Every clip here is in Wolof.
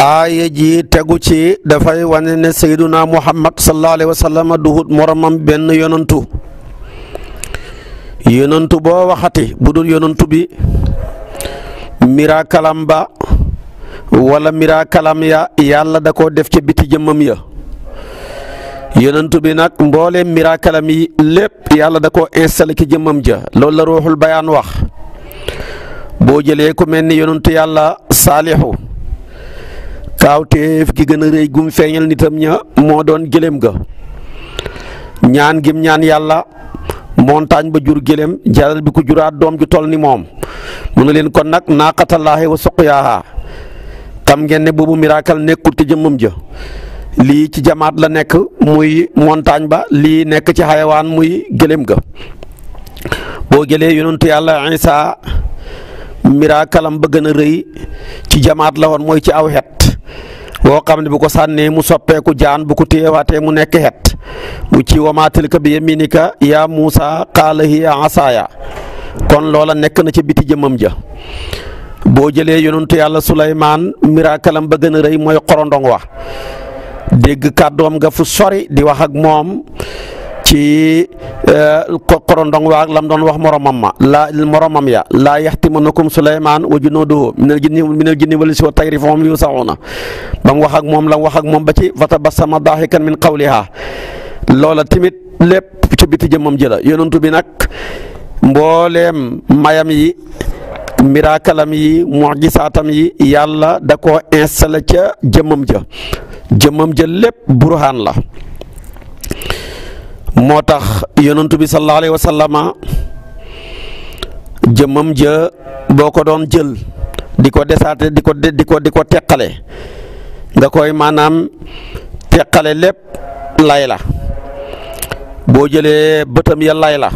aaya ji tegu ci dafay wane ne sayduna muhammad sallallahu alayhi wa duhut moromam benn yonantu yonantu boo waxati bu dul yonantu bi miraakalam kalamba wala miraakalam ya yàlla da koo def ci biti jëmmam ya yonantu bi nag mboole mira yi lépp yàlla da ko installé ci jëmmam ja loolu la ruuxul bayaan wax boo jëlee ku mel ni yonantu yàlla saalixu kaawteef gi gën a rëy gum feeñal nitam ña moo doon gëléem ga ñaan gim ñaan yàlla montagne ba jur gëléem jaral bi ko juraat doom ju toll ni moom mu a leen kon nag naaqatallaahi wa suqyaaha xam ngeen ne boobu miracle nekkul te jëmmam ja lii ci jamaat la nekk muy montagne ba lii nekk ci xayawaan muy gëléem ga boo jëlee yonentu yàlla Isa miracle am ba gën a rëy ci jamaat la woon mooy ci aw xet boo xam ne bu ko sànnee mu soppeeku jaan bu ko téyewaatee mu nekk xet bu ci wamaa tilka bi yaminika yaa Muusa qaala hiya asaaya kon loola nekk na ci biti jëmmam ja boo jëlee yonentu yàlla Suleymaan miraakalam ba gën a rëy mooy xorondong wa dégg kàddoom nga fu sori di wax ak moom ci eh, korondong waa lam doon wax moromam ma la moromam ya laa yaxtimannakum Suleymaan wa junuuduhu minal jinni minal jinni wal insi wat tayri fa hum yusaxuuna ba mu wax ak moom la mu wax ak moom ba ci fa tabassama daaxikan min qawliha loola tamit lépp ci biti jëmmam jëla yonentu bi nag mbooleem mayam yi miraakalam yi mujisaatam yi yàlla da koo installé ca jëmmam ja jëmmam ja lépp burhaan la moo tax yonantu bi sallallahu alayhi jëmmam ja boo ko doon jël di ko desaate di ko di ko di ko teqale nga koy maanaam teqale lépp lay la boo jëlee bëtam ya lay la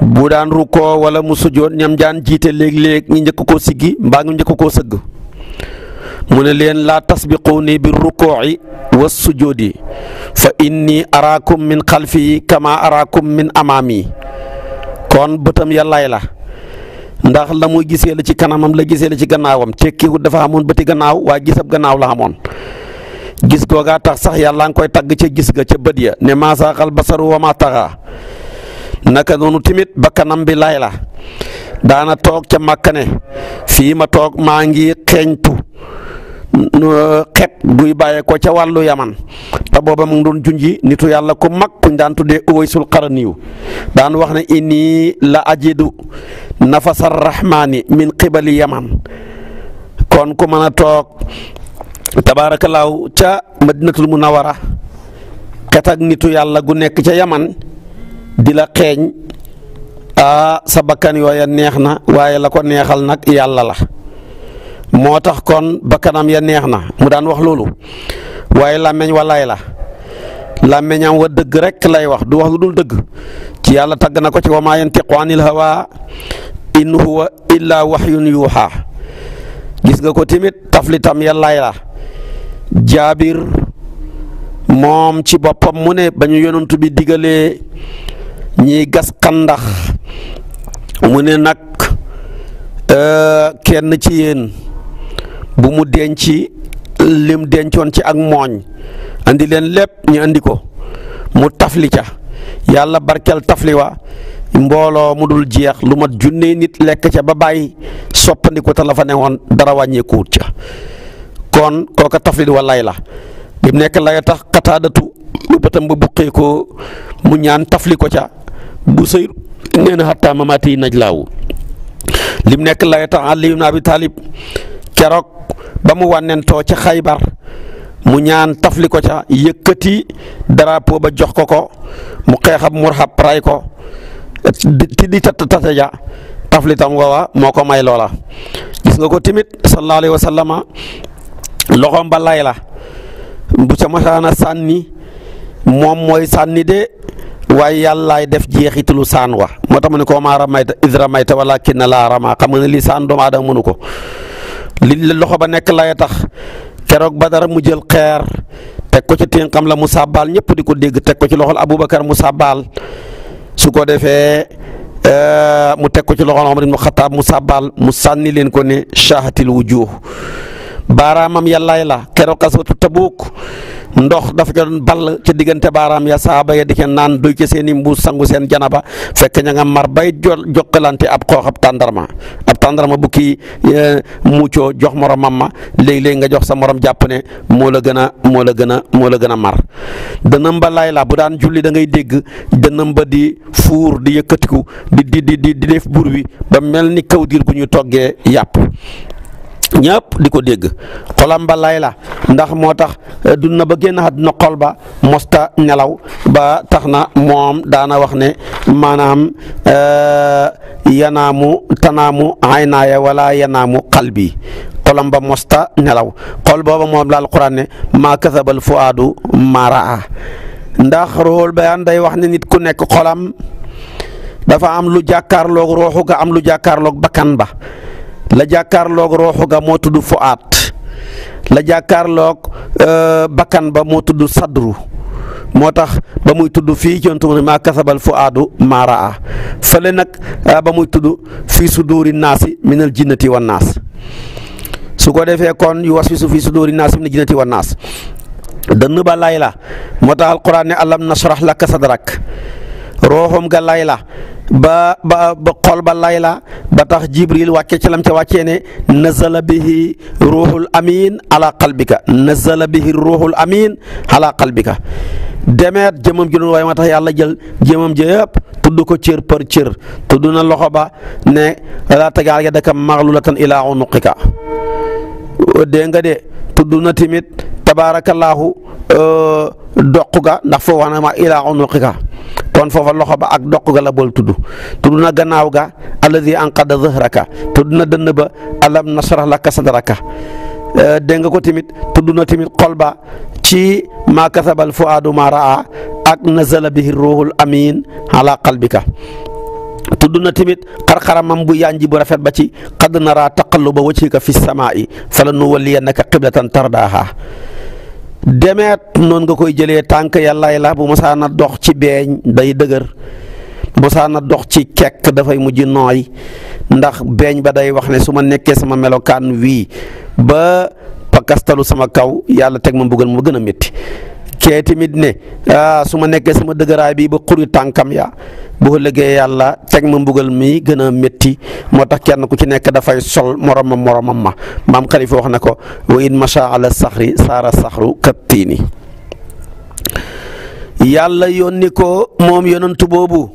bu daan rukkoo wala mu sujjoon ñam daan jiite léegi léeg njëkk ko siggi mbaa ñu njëkk ko sëgg mu ne leen laa tasbiquuni bi rukuuci wa sujuudi fa inni araakum min xalfi kama araakum min amaami kon bëtam yàllaay la ndax la muy gisee la ci kanamam la gisee la ci gannaawam tekkiwut dafa amoon bëti gannaaw waa gisab gannaaw la amoon gis googaa tax sax yàllaa ngi koy tagg ca gis ga ca bët ya ne maa saaxal basaru wa maa taxaa naka noonu timit ba kanam bi lay daana toog ca màkk ne fii ma toog maa ngi xeeñtu Euh, buy guy bàyyeekoo ca wàllu yaman te booba mu ngi doon junji nitu yàlla ku mag kuñ daan tuddee uwaysul qaraniyu daan wax ne inni la ajidu nafasa rahmaani min qibali yaman kon ku mën a toog tabaarakallaahu ca madinatul munawara xet ak nitu yàlla gu nekk ca yaman di la xeeñ a sa bakkan yooya neex na waaye la ko neexal nag yàlla la moo tax kon bakkanam ya neex na mu daan wax loolu waaye làmmeñ wa lay la làmmeñam wa dëgg rek lay wax du wax lu dul dëgg ci yàlla tagg na ko ci wa maa yantiqu anil hawa in huwa illa waxyun yuuxa gis nga ko tamit taflitam ya lay la jaabir moom ci boppam mu ne ba ñu yonantu bi digalee ñi gas xandax mu ne nag euh, kenn ci yéen bu mu denc lim dencoon ci ak mooñ andi leen lépp ñu andi ko mu tafli ca yàlla barkeel tafli wa mbooloo mu dul jeex lu mat junne nit lekk ca ba bàyyi soppandi ta te la fa ne woon dara wàññeekuwut ca kon kooka taflit wa la bi nekk lay tax xataadatu lu bëtam ba buqee ko mu ñaan tafli ko ca bu sëy nee na xattaa mamaati naj laawu lim nekk lay tax Ali ibn Abi Talib keroog ba mu wànnentoo ca xaybar mu ñaan tafli ko ca yëkkati drapeau ba jox ko ko mu xeexab murhab ray ko ti di tat tase ja tafli tam wawa moo ko may loola gis nga ko timit sallallahu alayhi wa sallama loxoom la bu ca masaana sànni moom mooy sanni de waaye yàllaay def jeexitalu saan wa moo tax mu ne ko maa ramayta iz ramayta walaakinna laa ramaa xam nga ne lii saan doomu aadama mënu ko li loxo ba nekk lay tax keroog ba dara mu jël xeer teg ko ci la mu sàbbaal ñëpp di ko dégg teg ko ci loxol Aboubacar mu sàbbaal su ko defee euh, mu teg ko ci loxol Omar Xataab mu saabal mu sànni leen ko ne shaahatil wujuh baaraamam yàllaay la keroog xaswatu tabuuk ndox dafa ca doon ca diggante baaraam ya saaba ya di ca naan duy ca seen mbuus sangu seen janaba fekk ña nga mar bay jokkalante ab xoox ab tàndarma ab tàndarma bu kii eh, muccoo jox moromam ma léeg-léeg nga jox sa moroom jàpp ne moo la gën a moo la gën a moo gën a mar dënam ba laay bu daan julli da ngay dégg dënam ba di fuur di yëkkatiku di di di di def bur wi ba mel ni kawdir gu ñu toggee yàpp ñëpp di ko dégg xolam ba lay la ndax moo tax euh, dund na ba génn àdduna xol ba mosta nelaw ba tax na moom daana wax ne maanaam euh, yanaamu tanaamu aynaaya wala yanaamu qalbi xolam ba mosta nelaw xol booba moom la alquran ne maa kasabal fuaadu maa raa ndax ruuxul bayaan day wax ne nit ku nekk xolam dafa am lu jàkkaarloog rooxu ga am lu jàkkaarloog bakkan ba la jàkkaarloog rooxu ga moo tudd fuaat la jàkkaarloog euh, bakkan ba moo tudd sadru moo tax ba muy tudd fii ci yonent maa kasabal fuaadu maa fële nag euh, ba muy tudd fii suduuri naasi minal jinnati wan su ko defee kon yu waswisu fii suduuri naasi minal jinnati wan naas dënn ba lay la moo tax alquran ne alam nashrah laka sadrak rooxum ga lay ba ba ba xol ba lay la ba tax jibril wàcce ci lam ca wàccee ne nazala bihi ruuxul amin ala qalbika nazala bihi ruuxul amin ala qalbika demeet jëmam ji doon waaye ma tax yàlla jël jëmam ji yëpp ko cër par cër tudd na loxo ba ne laa tegaal ya daka maglulatan ilaa unuqika dégg nga de tudd na tamit tabaarakallaahu euh, doq ga ndax foo wax na ma ilaa kon foofa loxo ba ak doq ga la bol tudd tudd na gannaaw ga alladi anqada zahraka tudd na dënn ba alam nasrah laka sadraka dégg nga ko tamit tudd na tamit xol ci maa kasabal fuaadu ma raa ak nazala bihi ruhul amin ala qalbika tudd na tamit xarxaramam bu yanji bu rafet ba ci qad nara taqalluba wajhika fi samaa'i falannuwalliyannaka qiblatan tardaaha demet noonu nga koy jëlee tànk yàllaay la bu masaa a dox ci beeñ day dëgër mosaan a dox ci kekk dafay mujj nooy ndax beeñ ba day wax ne su ma nekkee sama melokaan wii ba pakastalu sama kaw yàlla teg ma mbugal mu gën a métti kee tamit ne ah, su ma nekkee sama dëgëraay bi ba xuri tànkam ya boo lëggee yàlla teg ma mbugal mi gën a métti moo tax kenn ku ci nekk dafay sol moromam moromam ma maam xalifa wax na ko wa in macha ala saxri saara saxru kattiini yàlla yónni ko moom yonantu boobu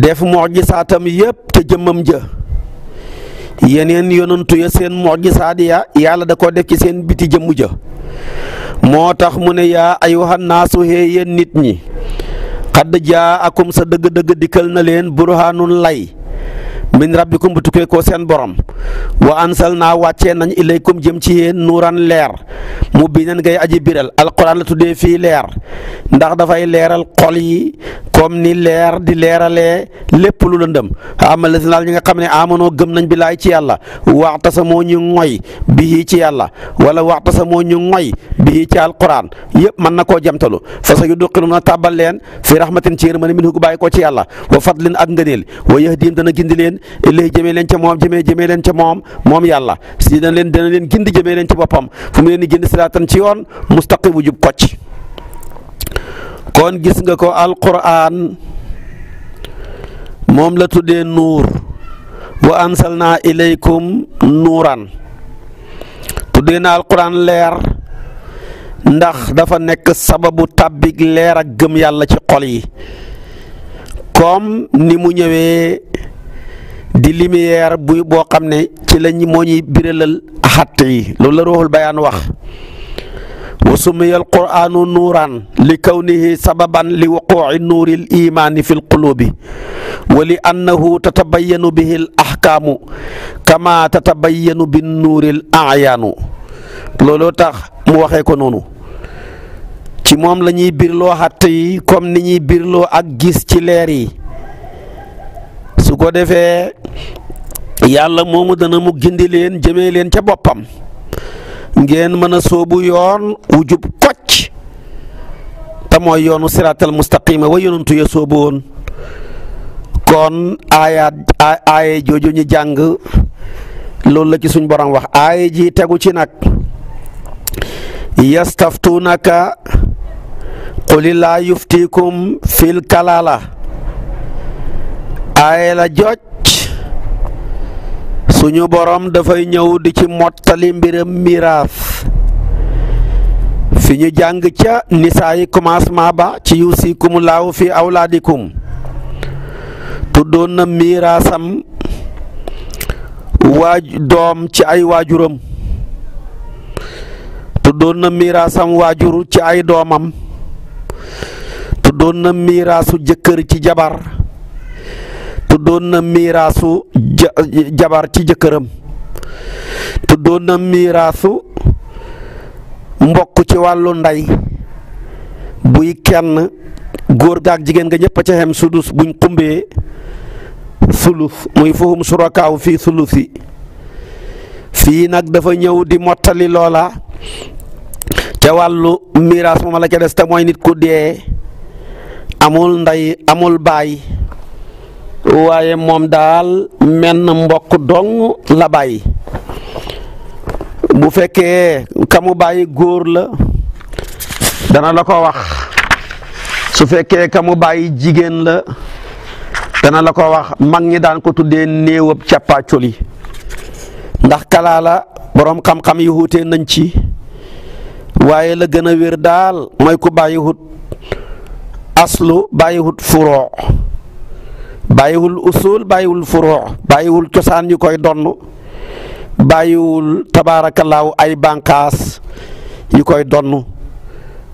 def mujisaatam yépp te jëmmam ja yeneen yonantu ya seen mujisaat ya yàlla da koo def ci seen biti jëmm ja moo tax mu ne yaa ayyuhan naasu hee yéen nit ñi xadd jaa akum sa dëgg-dëgg dikkal na leen burhaanun lay min rabbikum bu tukkee ko seen borom wa ansal na wàcce nañ comme jëm ci yéen nuuran leer mu biinan ngay aji biral alquran la tuddee fii leer ndax dafay leeral xol yi comme ni leer di leeralee lépp lu lëndëm amal la si naal ñi nga xam ne amanoo gëm nañ bi laay ci yàlla waxta sa moo ñu ŋoy bii ci yàlla wala waxta sa moo ñu ŋoy bii ci alquran yëpp mën na koo jamtalu fa sa yu duqilum na tàbbal leen fi rahmatin ci yërmande min hu bàyyi ko ci yàlla wa fadlin ak ngëneel wa yahdiim dana gindi leen ilay jëmee leen moom leen ca moom moom yàlla si dana leen dana leen gindi jëmee leen ci boppam fu mu leen di gindi siraatan ci yoon mustaqim bu jub kocc kon gis nga ko alquran moom la tuddee nuur wa ansalna ilaykum nuuran tuddee na alquran leer ndax dafa nekk sababu tàbbik leer ak gëm yàlla ci xol yi kom ni mu ñëwee di lumière bu boo xam ne ci lañ moo ñuy biralal xatt yi loolu la ruuxul bayaan wax wa sumiya alqur'aanu li kawnihi sababan li wuquuci nuuri alimaani fi alquluubi wa annahu tatabayanu bihi alahkaamu kama tatabayanu binnuuri alacyaanu looloo tax mu waxee ko noonu ci moom la ñuy birloo xatt yi ni ñuy birloo ak gis ci leer yi su ko defee yàlla moomu dana mu gindi leen jëmee leen ca boppam ngeen mën a soobu yoon wu jub kocc te mooy yoonu siraatal mustaqima wa yonantu ya sóobu kon aayaat aaye jooju ñu jàng loolu la ci suñ borom wax aaye ji tegu ci nag yastaftuunaka quli laa yuftikum fil kalaala aaye la jooj suñu boroom dafay ñëw di ci mottali mbiram miraas fi ñu jàng ca nisaa commencement ba ci yusikum laahu fi awlaadikum tuddoon miraasam ci ay waajuram tuddoon na waajur ci ay doomam tuddoon na miraasu jëkkër ci jabar tuddoon na miiraasu jabar ci jëkkëram tuddoon na miiraasu mbokk ci wàllu ndey buy kenn góor gaak jigéen nga ñëpp a ca xem sudus buñ xumbee sulus muy fahum surakaaw fii sulusi fii nag dafa ñëw di mottali loola ca wàllu miiraas moom la ca des te mooy nit ku dee amul ndey amul baay waaye moom daal menn mbokk dong la bàyyi bu fekkee kamu mu bàyyi góor la dana la ko wax su fekkee kamu bàyyi jigéen la dana la ko wax mag ñi daan ko tuddee néewab càppaacoli ndax kalaa boroom xam-xam yi wuute nañ ci waaye la gën a wér daal mooy ku bàyyi wut aslu bàyyi wut furoo bàyyiwul usul bàyyiwul furoo bàyyiwul cosaan yu koy donn bàyyiwul tabaarakallaahu ay bànqaas yu koy donn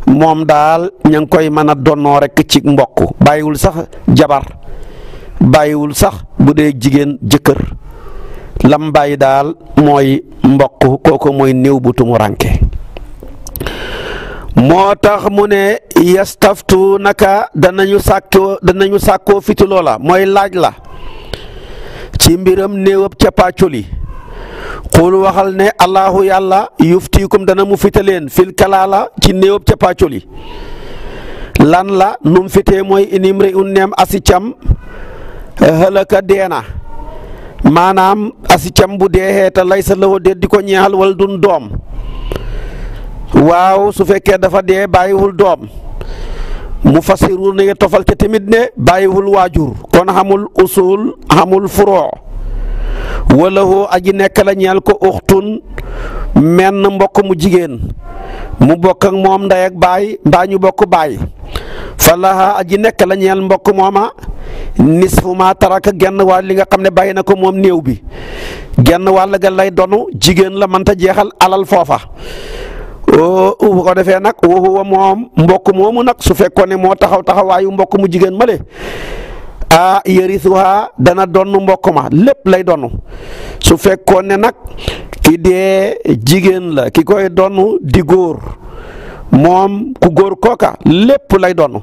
moom daal ña ngi koy mën a donnoo rekk ci mbokk bàyyiwul sax jabar bàyyiwul sax bu dee jigéen jëkkër lam bàyyi daal mooy mbokk kooku mooy néew bu tumu moo tax mu ne yastaftu naka danañu sàkkoo danañu sàkkoo fiti loola mooy laaj la ci mbiram néewab capaacoli xul waxal ne allahu yàlla yuftiikum dana mu fitaleen fil kalaala ci néewab capaacoli lan la num fitee mooy inim re un neem deena maanaam asicam bu dee xeeta lay sa lawoo déet di ko ñeexal wala dun doom waaw su fekkee dafa dee bàyyiwul doom mu fassiru ne tofal ca tamit ne bàyyiwul waajur kon xamul usul xamul furoo wala hoo aji nekk la ñeel ko uxtun menn mbokk mu jigéen mu bokk ak moom ndey baay mbaa ñu bokk baay fa laha aji nekk la ñeel mbokk mooma nisfu ma taraka genn wàll li nga xam ne bàyyi na ko moom néew bi genn wàll ga lay donu jigéen la mënta jeexal alal foofa bu ko defee nag waxuwa moom mbokk moomu nag su fekkoon ne moo taxaw taxawaayu mbokk mu jigéen male a yërisuha dana donn mbokk ma lépp lay donnu su fekkoon ne nag ki dee jigéen la ki koy donnu di góor moom ku góor kooka lépp lay donn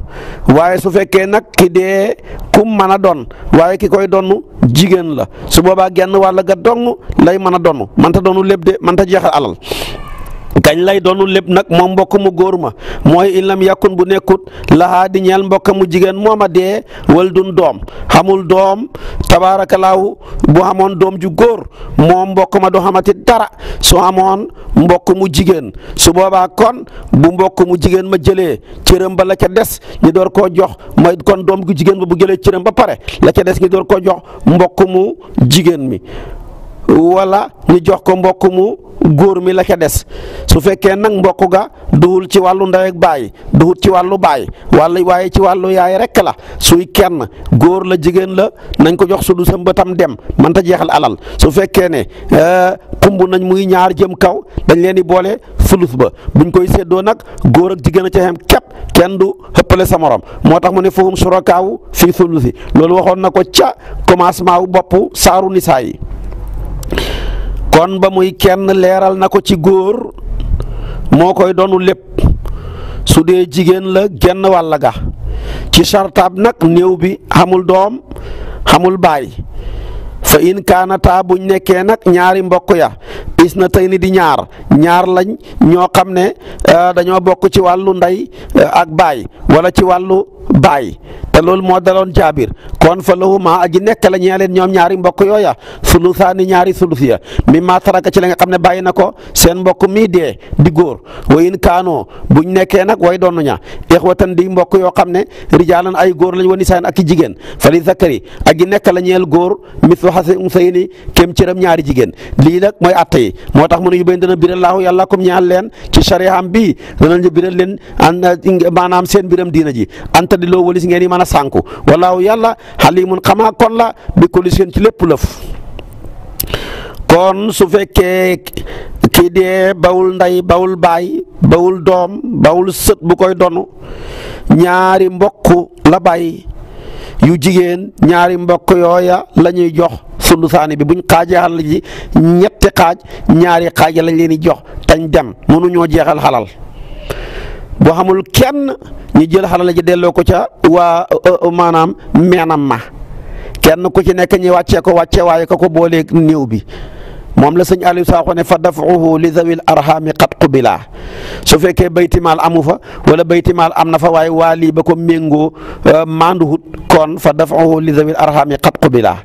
waaye su fekkee nag ki dee ku mën a donn waaye ki koy donn jigéen la su boobaa genn wàll ga dong lay mën a donn mënta donn lépp de mënta jeexal alal kañ lay doonu lépp nag moom mbokk mu góor ma mooy ilam yàkkun bu nekkut lahaa di ñeel mbokk mu jigéen moom a dee wal dun doom xamul doom tabaarakalaahu bu xamoon doom ju góor moo mbokk ma du xamati dara su amoon mbokk mu jigéen su boobaa kon bu mbokk mu jigéen ma jëlee cëram ba la ca des ñu door koo jox mooy kon doom gu jigéen ba bu jëlee cëram ba pare la ca des ñu door koo jox mbokk mu jigéen mi wala ñu jox ko mbokk mu góor mi la ca des su fekkee nag mbokk ga duhul ci wàllu ndey ak baay ci wàllu baay wala waaye ci wàllu yaay rek la suy kenn góor la jigéen la nañ ko jox su du sa dem mën ta jeexal alal su fekkee ne xumb eh, nañ muy ñaar jëm kaw dañ leen di boole fulus ba buñ koy séddoo nag góor ak jigéen a ca xem képp kenn du xëppale sa morom moo tax mu ne foofu surakaawu fii fulusi loolu waxoon na ko ca commencement wu bopp saaru nisaa yi kon ba muy kenn leeral na ko ci góor moo koy doonu lépp su dee jigéen la genn wàll ga ci sartaab nag néew bi xamul doom xamul baay fa in kaanataa buñ nekkee nag ñaari mbokk ya is na tey ni di ñaar ñaar lañ ñoo xam ne eh, dañoo bokk ci wàllu ndey eh, ak baay wala ci wàllu baay te loolu moo daloon jaabir kon fa lahu ma aji nekk la ñee leen ñoom ñaari mbokk yooya sulusaani ñaari sulusiya mi maa taraka ci la nga xam ne bàyyi na ko seen mbokk mi dee di góor wayin kaanoo buñ nekkee nag way doon ña ixwatan di mbokk yoo xam ne rijaalan ay góor lañ wani saan ak i jigéen fa li zakari aji nekk la ñeel góor mislu xasi usayni kéem cëram ñaari jigéen lii nag mooy atte yi moo tax mu ne yu bayn dana biral laahu yalla kom ñaal leen ci sariyaam bi dana leen an maanaam seen biram diina ji te di loo walis ngeen yi mën a sànku walaahu yàlla xalimun kon la bi ko ngeen ci lépp lëf kon su fekkee kii dee bawul ndey bawul baay bawul doom bawul sët bu koy donu ñaari mbokk la bàyyi yu jigéen ñaari mbokk yooya la ñuy jox sulusaani bi buñ xaajee xalal ji ñetti xaaj ñaari xaaj lañ leen di jox tañ dem mënuñoo jeexal xalal boo xamul kenn ñu jël xarala ji delloo ko ca waa euh, euh, maanaam meenam ma kenn ku ci nekk ñi wàccee ko wàccee waaye ko ko booleeg néew bi moom la sëñ Aliou Sakho fa dafuhu li zawil arhami qad qubila su fekkee baytimaal amu fa wala baytimaal am na fa waaye waa lii ba ko méngoo euh, maanduhut kon fa dafuhu li zawil arhami qad qubila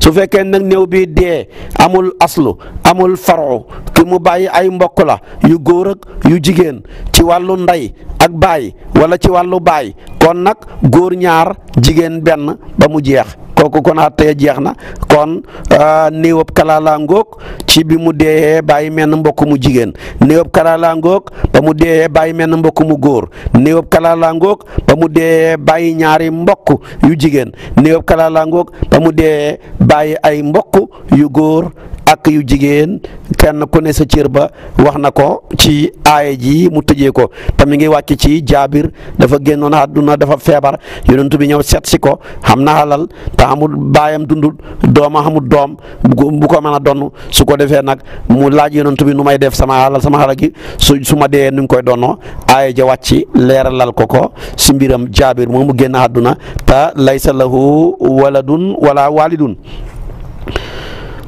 su fekkee nag néew bi dee amul aslu amul faru ki mu bàyyi ay mbokk yu góor ak yu jigéen ci wàllu ndey ak baay wala ci wàllu baay kon nag góor ñaar jigéen benn ba mu jeex kooku kon àttee jeex na kon ah, néewab kalalaangook ngoog ci bi mu dee bàyyi menn mbokk mu jigéen néewab kalaalaa ngoog ba mu deeyee bàyyi menn mbokk mu góor néewab kalaalaa ngoog ba mu deeyee bàyyi ñaari mbokk yu jigéen néewab kalaalaa ngoog ba mu deeyee bàyyi ay mbokk yu góor rakk yu jigéen kenn ku ne sa cër ba wax na ko ci aaya ji mu tëjee ko te mi ngi wàcc ci jaabir dafa génnoon àdduna dafa feebar yonent bi ñëw seet si ko xam na alal te amul baayam dundul dooma amul doom bu ko mën a donn su ko defee nag mu laaj yonent bi nu may def sama alal sama alal gi su su ma dee nu ngi koy donnoo aaya ja wàcc leeralal ko ko si mbiram jaabir mu génn àdduna te laysa lahu waladun wala walidun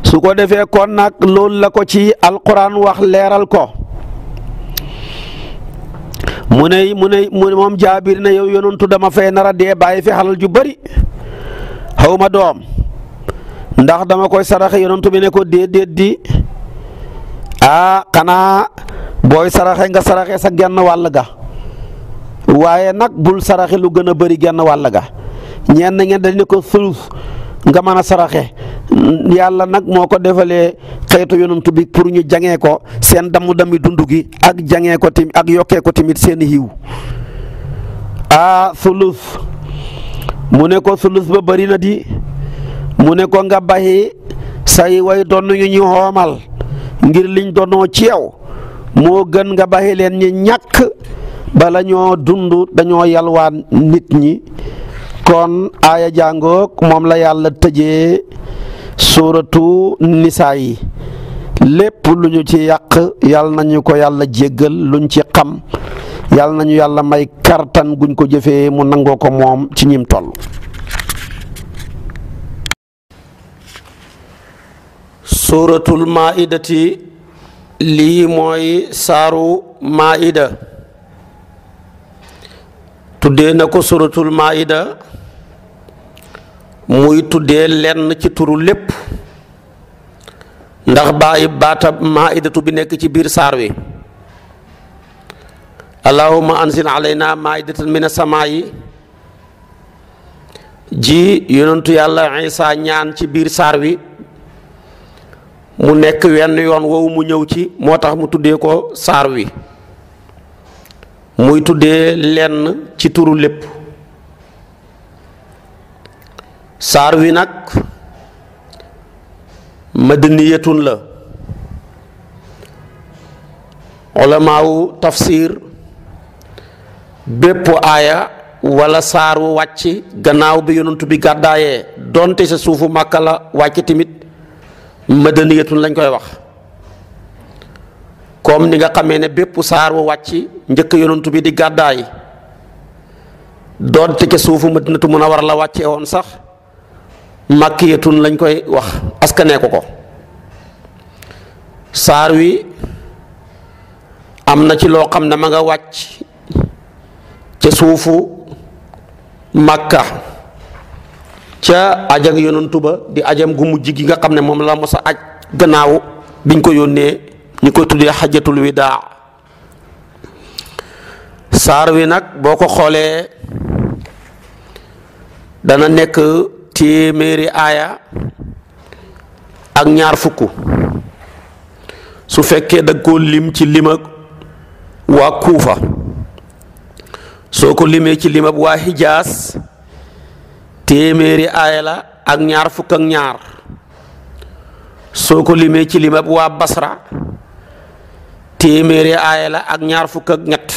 su ko defee kon nag loolu la ko ci alquran wax leeral ko mu ne mu ne moom jaabir na yow yonantu dama fee nar a dee bàyyi fi xalal ju bari xaw ma doom ndax dama koy saraxe yonantu bi ne ko déedéet di ah xanaa booy saraxe nga saraxe sa genn wàll ga waaye nag bul saraxe lu gën a bari genn wàll ga ñenn ngeen dañ ne ko sulus nga mën a saraxe yàlla nag moo ko defalee xeetu yonantu bi pour ñu jangee ko seen damu dami dund gi ak jangee ko tamit ak yokkee ko tamit seen a sulus mu ne ko sulus ba bëri na di mu ne ko nga baxi say way donn ñu ñu xoomal ngir liñ donoo ci yow moo gën nga baxi leen ñi ñàkk bala ñoo dund dañoo yalwaan nit ñi kon aaya jàngoog moom la yàlla tëjee suuratu nisaa yi lépp lu ñu ci yàq yal nañu ko yàlla jéggal luñ ci xam yal nañu yàlla may kartan guñ ko jëfee mu nangoo ko moom ci ñim toll. suuratul maa'idati lii mooy saaru maa'ida tuddee na ko suuratul maa'ida muy tuddee lenn ci turu lépp ndax bàyyi baata maaidatu bi nekk ci biir saar wi allahuma anzil alayna maaidatan min as-samaa'i ji yonentu yàlla Isaa ñaan ci biir saar wi mu nekk wenn yoon woowu mu ñëw ci moo tax mu tuddee ko saar wi muy tuddee lenn ci turu lépp saar wi nag madaniyatun la ulamaawu tafsir bépp aaya walla saar wu wàcc gannaaw bi yonantu bi gàddaayee donte sa suufu màkka la wàcc tamit madaniyatun lañ koy wax comme ni nga xamee ne bépp saar wu wàcc njëkk yonantu bi di gàddaay donte ca suufu madinatu munawwara la wàcce woon sax makkiyatun lañ koy wax askanee ko ko saar wi am na ci loo xam ne ma nga wàcc ca suufu màkka ca ajak yonantu tuba di ajam gu mujj gi nga xam ne moom la mos a aj gannaaw biñ ko yónnee ñu koy tuddee xajatul wi daa saar wi nag boo ko xoolee dana nekk téeméeri aaya ak ñaar fukk su fekkee da koo lim ci lim waa kuufa soo ko limee ci lim ak waa hijaas téeméeri aaya la ak ñaar fukk ak ñaar soo ko limee ci lim ak waa basra téeméeri aaya la ak ñaar fukk ak ñett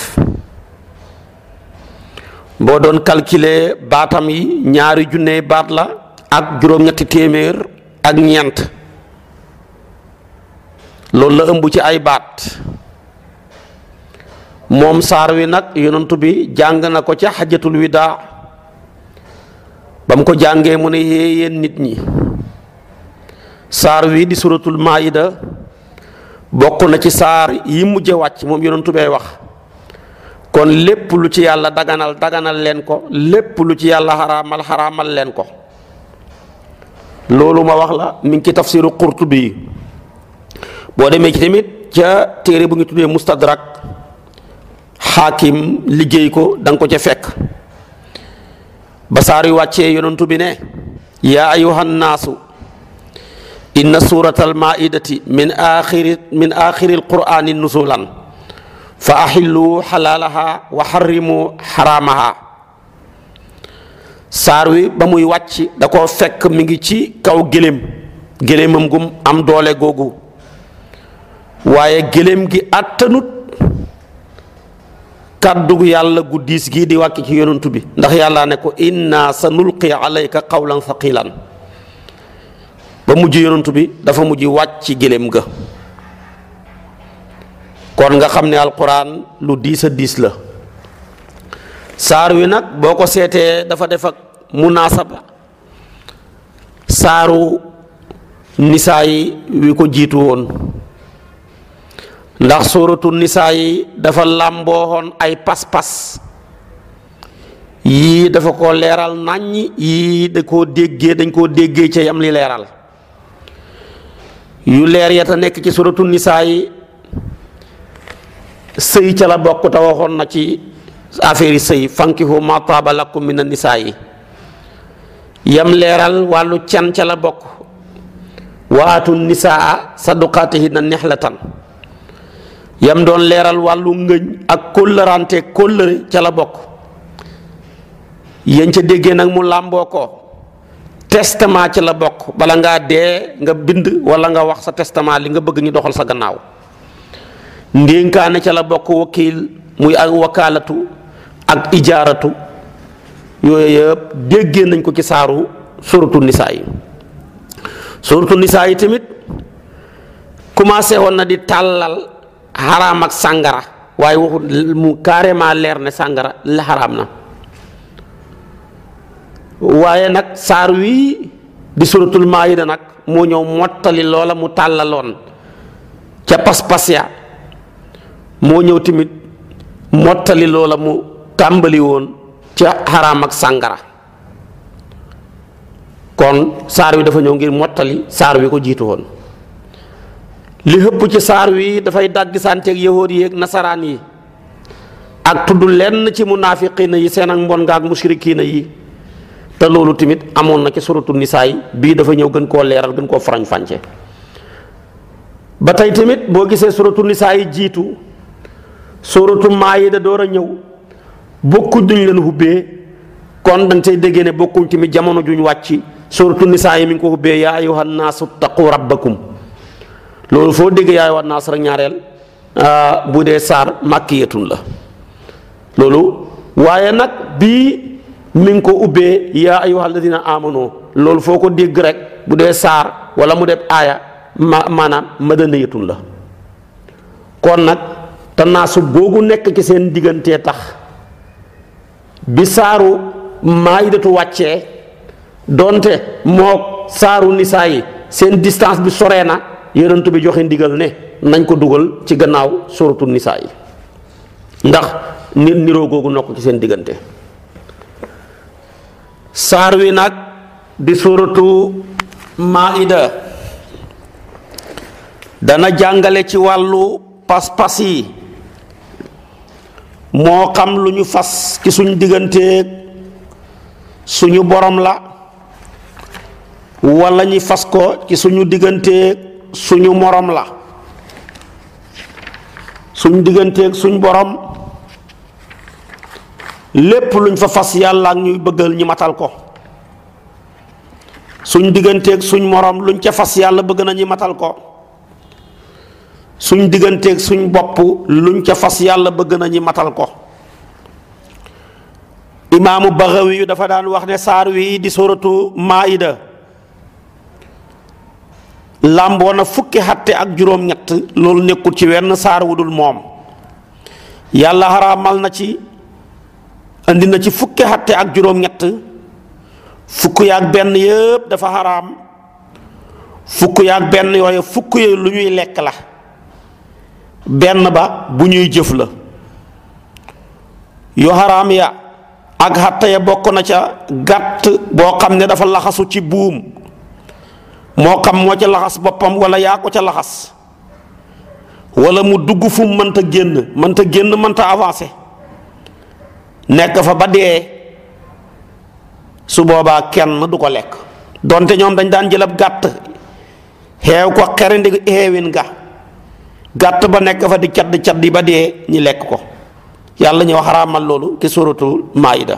boo doon calculer baatam yi ñaari junne baat la ak juróom-ñetti téeméer ak ñeent loolu la ëmb ci ay baat moom saar wi nag yonantu bi jàng na ko ca xajatul widaa ba mu ko jàngee mu ne yee yéen nit ñi saar wi di suratul maayida bokk na ci saar yi mujje wàcc moom yonent bee wax kon lépp lu ci yàlla daganal daganal leen ko lépp lu ci yàlla xaraamal xaraamal leen ko loolu ma wax la mi ngi ci tafsiru Qurtubi boo demee ci tamit ca téere bu ngi tuddee Mustadrak xaakim liggéey ko danga ko ca fekk basaar saar yu wàccee yonentu bi ne yaa ayuhan naasu inna suurata almaidati min axiri min axiri alqurani nusulan fa axillu xalaalaha wa xarrimu xaraamaha saar wi ba muy wàcc da ko fekk mu ngi ci kaw gëléem gëléemam gu am doole googu waaye gëléem gi àttanut kàddug yàlla gu diis gii di wàcc ci yonantu bi ndax yàlla ne ko inna sa nulqi alayka qawlan thaqilan ba mujj yonantu bi dafa mujj wàcc gëléem ga kon nga xam ne alquran lu diis a diis la saar wi nag boo ko seetee dafa def ak munaasaba saaru nisaa yi wi ko jiitu woon ndax suuratu nisaa yi dafa làmbooxoon ay pas-pas yii dafa ko leeral nàññ yii da koo déggee dañ koo déggee ci yam li leeral yu leer ya nekk ci suuratu nisaa sëy ca la bokk te waxoon na ci affaire yi sëy fankihu ma taaba lakum mina nisaa yi yam leeral wàllu can ca la bokk waatu nisaa saduqaatihinna nixlatan yam doon leeral wàllu ngëñ ak kóllërante kóllëre ca la bokk yéen ca déggee nag mu làmboo ko testament ca la bokk bala ngaa dee nga bind wala nga wax sa testament li nga bëgg ñu doxal sa gannaaw ndénkaane ca la bokk wakiil muy ak wakaalatu ak ijaaratu yooyu yëpp déggee nañ ko ci saaru suratu nisaa yi suratu nisaa yi tamit commencé woon na di tàllal xaraam ak sàngara waaye waxu mu carrément leer ne sàngara la xaraam na waaye nag saar wii di suratul maayida nag moo ñëw mottali loola mu tàllaloon ca pas-pas ya moo ñëw tamit mottali loola mu tàmbali woon ci xaraam ak sàngara kon saar wi dafa ñëw ngir mottali saar wi ko jiitu woon li hëpp ci saar wi dafay dàggisanteeg yahood yi ak nasaraan yi ak tudd lenn ci munaafiqiina yi seen ak mbon nga ak mushrikiina yi te loolu tamit amoon na ci suratu nisaay bii dafa ñëw gën koo leeral gën koo farañ fànce ba tey tamit boo gisee suratu nisaay jiitu sóoratu maayida door a ñëw bokkuñ duñ leen hubbee kon dañ say déggee ne bokkuñ tamit jamono juñ wàcc sóoratu nisaa yi mi ngi ko hubbee yaa ayyuhan naasu taqu rabbakum loolu foo déggee yaa naa naas rek ñaareel ah, bu dee saar màkkiyatun la loolu waaye nag bii mi ngi ko ubbee yaa ayyuhal ladina amanu loolu foo ko dégg rek bu dee saar wala mu def aaya ma maanaam madaniyatun la kon nag tanaasu googu nekk ci seen diggante tax bi saaru maayidatu wàcce doonte mook saaru nisaa yi seen distance bi soree na yonent bi joxe ndigal ne nañ ko dugal ci gannaaw suratu nisaa yi ndax nit niroo googu nokk ci seen diggante saar wi nag di suratu maida dana jàngale ci wàllu pas-pas yi moo xam lu ñu fas ci suñu digganteeg suñu borom la wala ñi fas ko ci suñu digganteeg suñu morom la suñ digganteeg suñ borom lépp luñ fa fas yàlla ak ñuy bëgg ñi matal ko suñu digganteeg suñu morom luñ ca fas yàlla bëgg na ñi matal ko suñ digganteek suñ bopp luñ ca fas yàlla bëgg nañu matal ko imaamu Baxawi yu dafa daan wax ne saar wi di suratu maida làmboo na fukki xatte ak juróom-ñett loolu nekkul ci wenn saar dul moom yàlla xaraamal na ci indi na ci fukki xatte ak juróom-ñett fukk yaak benn yëpp dafa xaraam fukk yaak benn yooyu fukk lu ñuy lekk la benn ba bu ñuy jëf la yu xaraam ya ak xatta ya bokk na ca gàtt boo xam ne dafa laxasu ci buum moo xam moo ca laxas boppam wala yaa ko ca laxas wala mu dugg fu mu mënta génn mënta génn mënta avancé nekk fa ba dee su boobaa kenn du ko lekk donte ñoom dañ daan jëlab gàtt xeew ko xerindi xeewin ga gàtt ba nekk fa di cadd cadd yi ba dee ñi lekk ko yàlla ñuy wax xaraamal loolu ki suratul maayida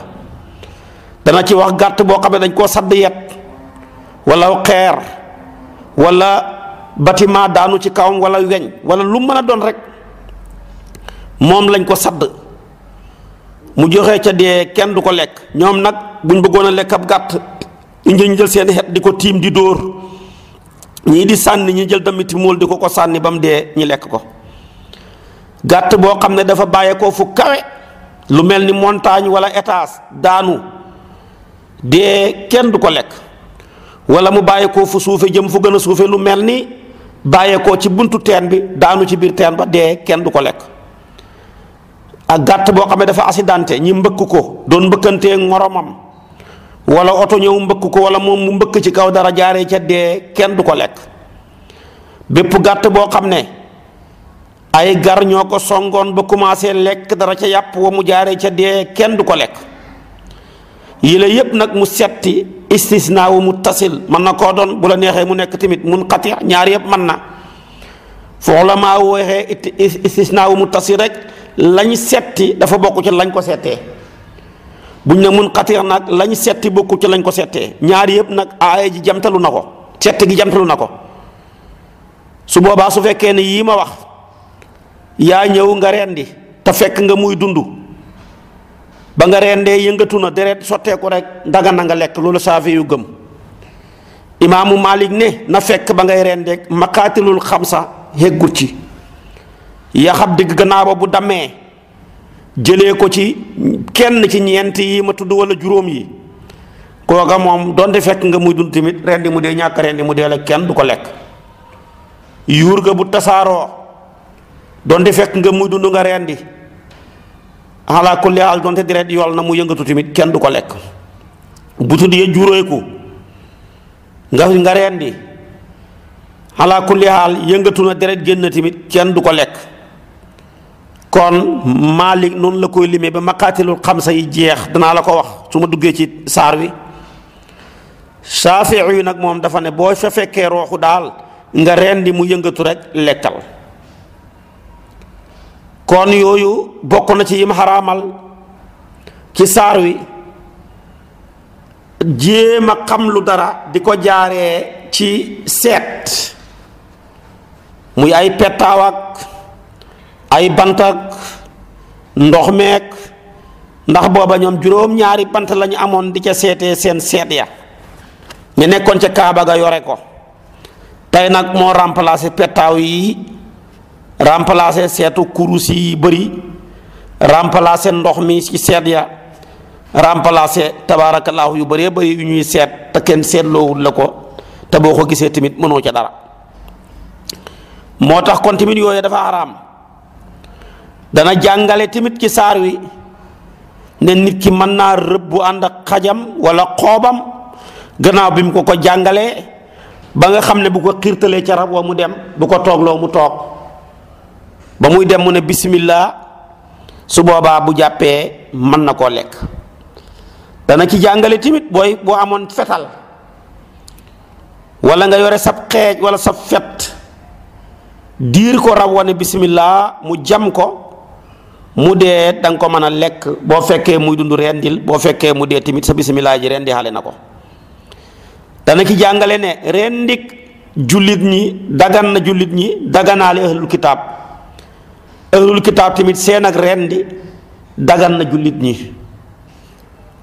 dana ci wax gàtt boo xam ne dañ koo sadd yet walla xeer wala bâtiment daanu ci kawam wala weñ wala lu mën a doon rek moom lañ ko sadd mu joxe ca dee kenn du ko lekk ñoom nag buñ bëggoon a lekk ab gàtt ñu jël seen xet di ko tiim di dóor ñii di sànni ñi jël tamit mool di ko ko sànni ba mu dee ñi lekk ko gàtt boo xam ne dafa bàyyeekoo fu kawe lu mel ni montagne wala étage daanu dee kenn du ko lekk walla mu bàyyeekoo fu suufe jëm fu gën a suufe lu mel ni bàyyeekoo ci buntu teen bi daanu ci biir teen ba dee kenn du ko lekk ak gàtt boo xam ne dafa accidenté ñi mbëkk ko doon mbëkkantee moromam wala oto ñëw mbëkk ko wala moom mu mbëkk ci kaw dara jaare ca dee kenn du ko lekk bépp gàtt boo xam ne ay gar ñoo ko songoon ba commencé lekk dara ca yàpp wa mu jaaree ca dee kenn du ko lekk yile la yépp nag mu setti istisna wu mu tasil mën na koo doon bu la neexee mu nekk tamit mun xati ñaar yépp mën na foofu la maa waxee istisna wu mu tasil rek lañ setti dafa bokk ci lañ ko settee buñ ne mun xatir nag lañ setti bokku ci lañ ko settee ñaar yëpp nag aaya ji jamtalu na ko sett gi jamtalu na ko su boobaa su fekkee ne yii ma wax yaa ñëw nga rendi te fekk nga muy dund ba nga rendee yëngatu na deret sotteeku rek daga na nga lekk loolu saafi yu gëm imaamu Malik ne na fekk ba ngay rendeeg xam sax xeggul ci yaxam digg gannaaw ba bu dammee jële ko ci kenn ci ñeent yi ma tudd wala juróom yi kooka moom donte fekk nga muy dund tamit rendi mu dee ñàkk rendi mu dee la kenn du ko lekk yuur ga bu tasaaroo donte fekk nga muy dund nga rendi ala kulli haal donte deret yool na mu yëngatu tamit kenn du ko lekk bu tudd ya juróoyku nga nga rendi na deret génn tamit kenn du ko lekk kon Maalik noonu la koy limee ba maqaatilul xam say jeex danaa la ko wax su ma duggee ci saar wi Saafi'i yi nag moom dafa ne boo fa fekkee rooxu daal nga rendi mu yëngatu rek lekkal kon yooyu bokk na ci yim xaraamal ci saar wi jéem a xam lu dara di ko jaaree ci seet muy ay pettaaw ay bantak ndox meek ndax booba ñoom juróom-ñaari bant la amoon di ca seete seen seet ya ñu nekkoon ca Kaaba ga yore ko tey nag moo remplacé pettaaw yi remplacé seetu kurus yi bëri remplacé ndox mi ci seet ya remplacé tabaarakallaahu yu bëree bëri yu ñuy seet te kenn seetloowul la ko te boo ko gisee tamit mënoo ca dara moo tax kon tamit yooyu dafa xaraam dana jàngale tamit ci saar wi ne nit ki mën naa rëbb bu ànd ak xajam wala xoobam gannaaw bi mu ko ko jàngalee ba nga xam ne bu ko xiirtalee ca rab wa mu dem bu ko toogloo mu toog ba muy dem mu ne bismillah su boobaa bu jàppee mën na koo lekk dana ci jàngale tamit booy boo amoon fetal wala nga yore sab xeej wala sab fet diir ko rab wa ne bismillah mu jam ko mu dee danga ko mën a lekk boo fekkee muy dund rendil boo fekkee mu dee tamit sa bisimilah ji rendi xale na ko dana ci jàngale ne rendik jullit ñi dagan na jullit ñi daganaale ahlul seen ak rendi jullit ñi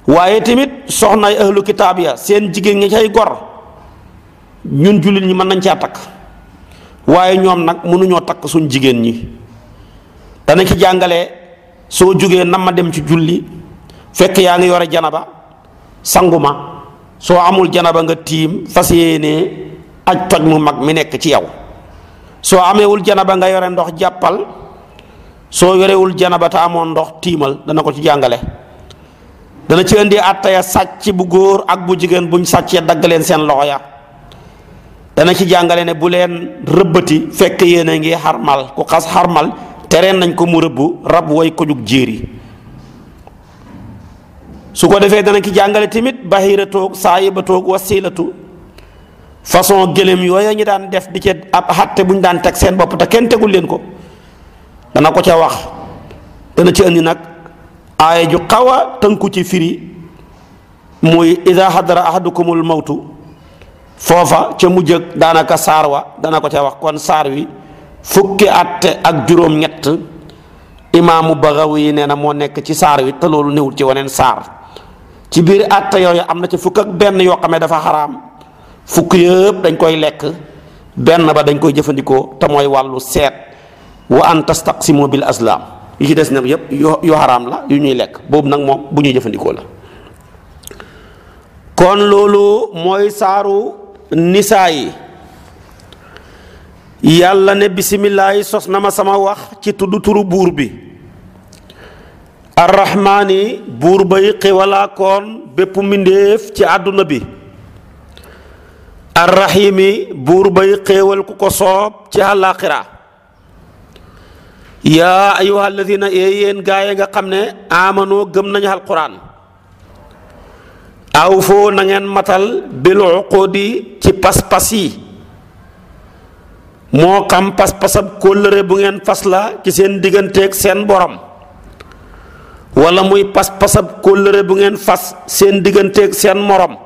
waaye tamit soxnay ahlu kitaab ya seen jigéen ñi cay gor ñun jullit ñi mën nañ caa takk waaye ñoom nag mënuñoo takk suñ jigéen ñi dana ci jàngale soo jógee nam ma dem ci julli fekk yaa ngi yore janaba sanguma soo amul janaba nga tiim fas yéenee aj toj mu mag mi nekk ci yow soo ameewul janaba nga yore ndox jàppal soo yorewul janaba te amoon ndox tiimal dana ko ci jàngale dana ci indi àttaya sàcc bu góor ak bu jigéen buñ sàccee dagg leen seen loxo ya dana ci jàngale ne bu leen rëbbati fekk yéen a ngi xarmal ku xas xarmal tereen nañ ko mu rëbb rab woy ko jug jéeri su ko defee dana ki jàngale tamit bahira toog saayiba toog wasilatu façon gëléem yooyu ñu daan def di ca ab xatte bu ñu daan teg seen bopp kenn tegul leen ko dana ko ca wax dana ci andi nag aaya ju xaw a tënku ci firi muy ida xadara ahadukumul mawtu foofa ca mu mujjëg daanaka saar wa dana ko ca wax kon saar wi fukki at ak juróom-ñett imaamu Bagawi yi nee na moo nekk ci saar wi te loolu néewul ci waneen saar ci biir atte yooyu am na ci fukk ak benn yoo xam ne dafa xaraam fukk yëpp dañ koy lekk benn ba dañ koy jëfandikoo te mooy wàllu seet wa an tastaqsimu bil aslaam yi ci des nag yëpp yu xaraam la yu ñuy lekk boobu nag moom bu ñuy jëfandikoo la kon loolu mooy saaru nisaa yi yàlla ne bisimilaay sos na ma sama wax ci tudd turu buur bi arrahmaani buur bay xewalaakoon bépp mbindéef ci àdduna bi arrahimi buur bay xéewal ku ko soob ci àllaaxira yaa ayuha alladina ee yéen gaaye nga xam ne amanoo gëm nañu alquran aw foo na matal bil uqudi ci pas-pas yi moo xam pas-pasab kóllëre bu ngeen fas la ci seen digganteeg seen borom wala muy pas-pasab kóllëre bu ngeen fas seen digganteeg seen morom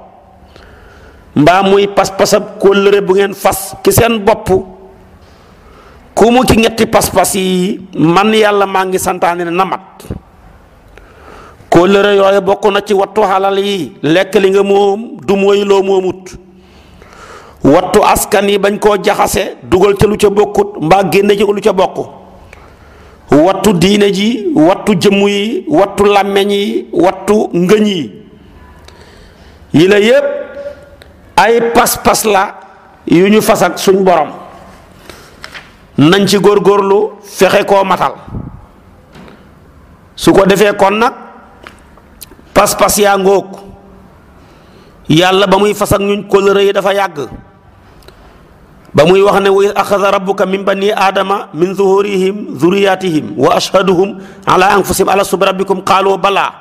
mbaa muy pas-pasab kóllëre bu ngeen fas ci seen bopp ku mu ci ñetti pas-pas yi man yàlla maa ngi santaane ne na mat kóllëre yooyu bokk na ci wattu xalal yi lekk li nga moom du mooy loo moomut wattu askan yi bañ koo jaxase dugal ca lu ca bokkut mbaa génne ci lu ca bokk wattu diine ji wattu jëmm yi wattu làmmeñ yi wattu ngëñ yi yi la yépp ay pas-pas la yu ñu fas suñ borom nañ ci góor góorlu fexe koo matal su ko defee kon nag pas-pas yaa ngóog yàlla ba muy fas ak ñun kóllëre yi dafa yàgg ba muy wax ne wa iz rabbuka min bani aadama min zuhurihim zuriyatihim wa ashhaduhum ala anfusihim alastu bi rabbikum qaalu balaa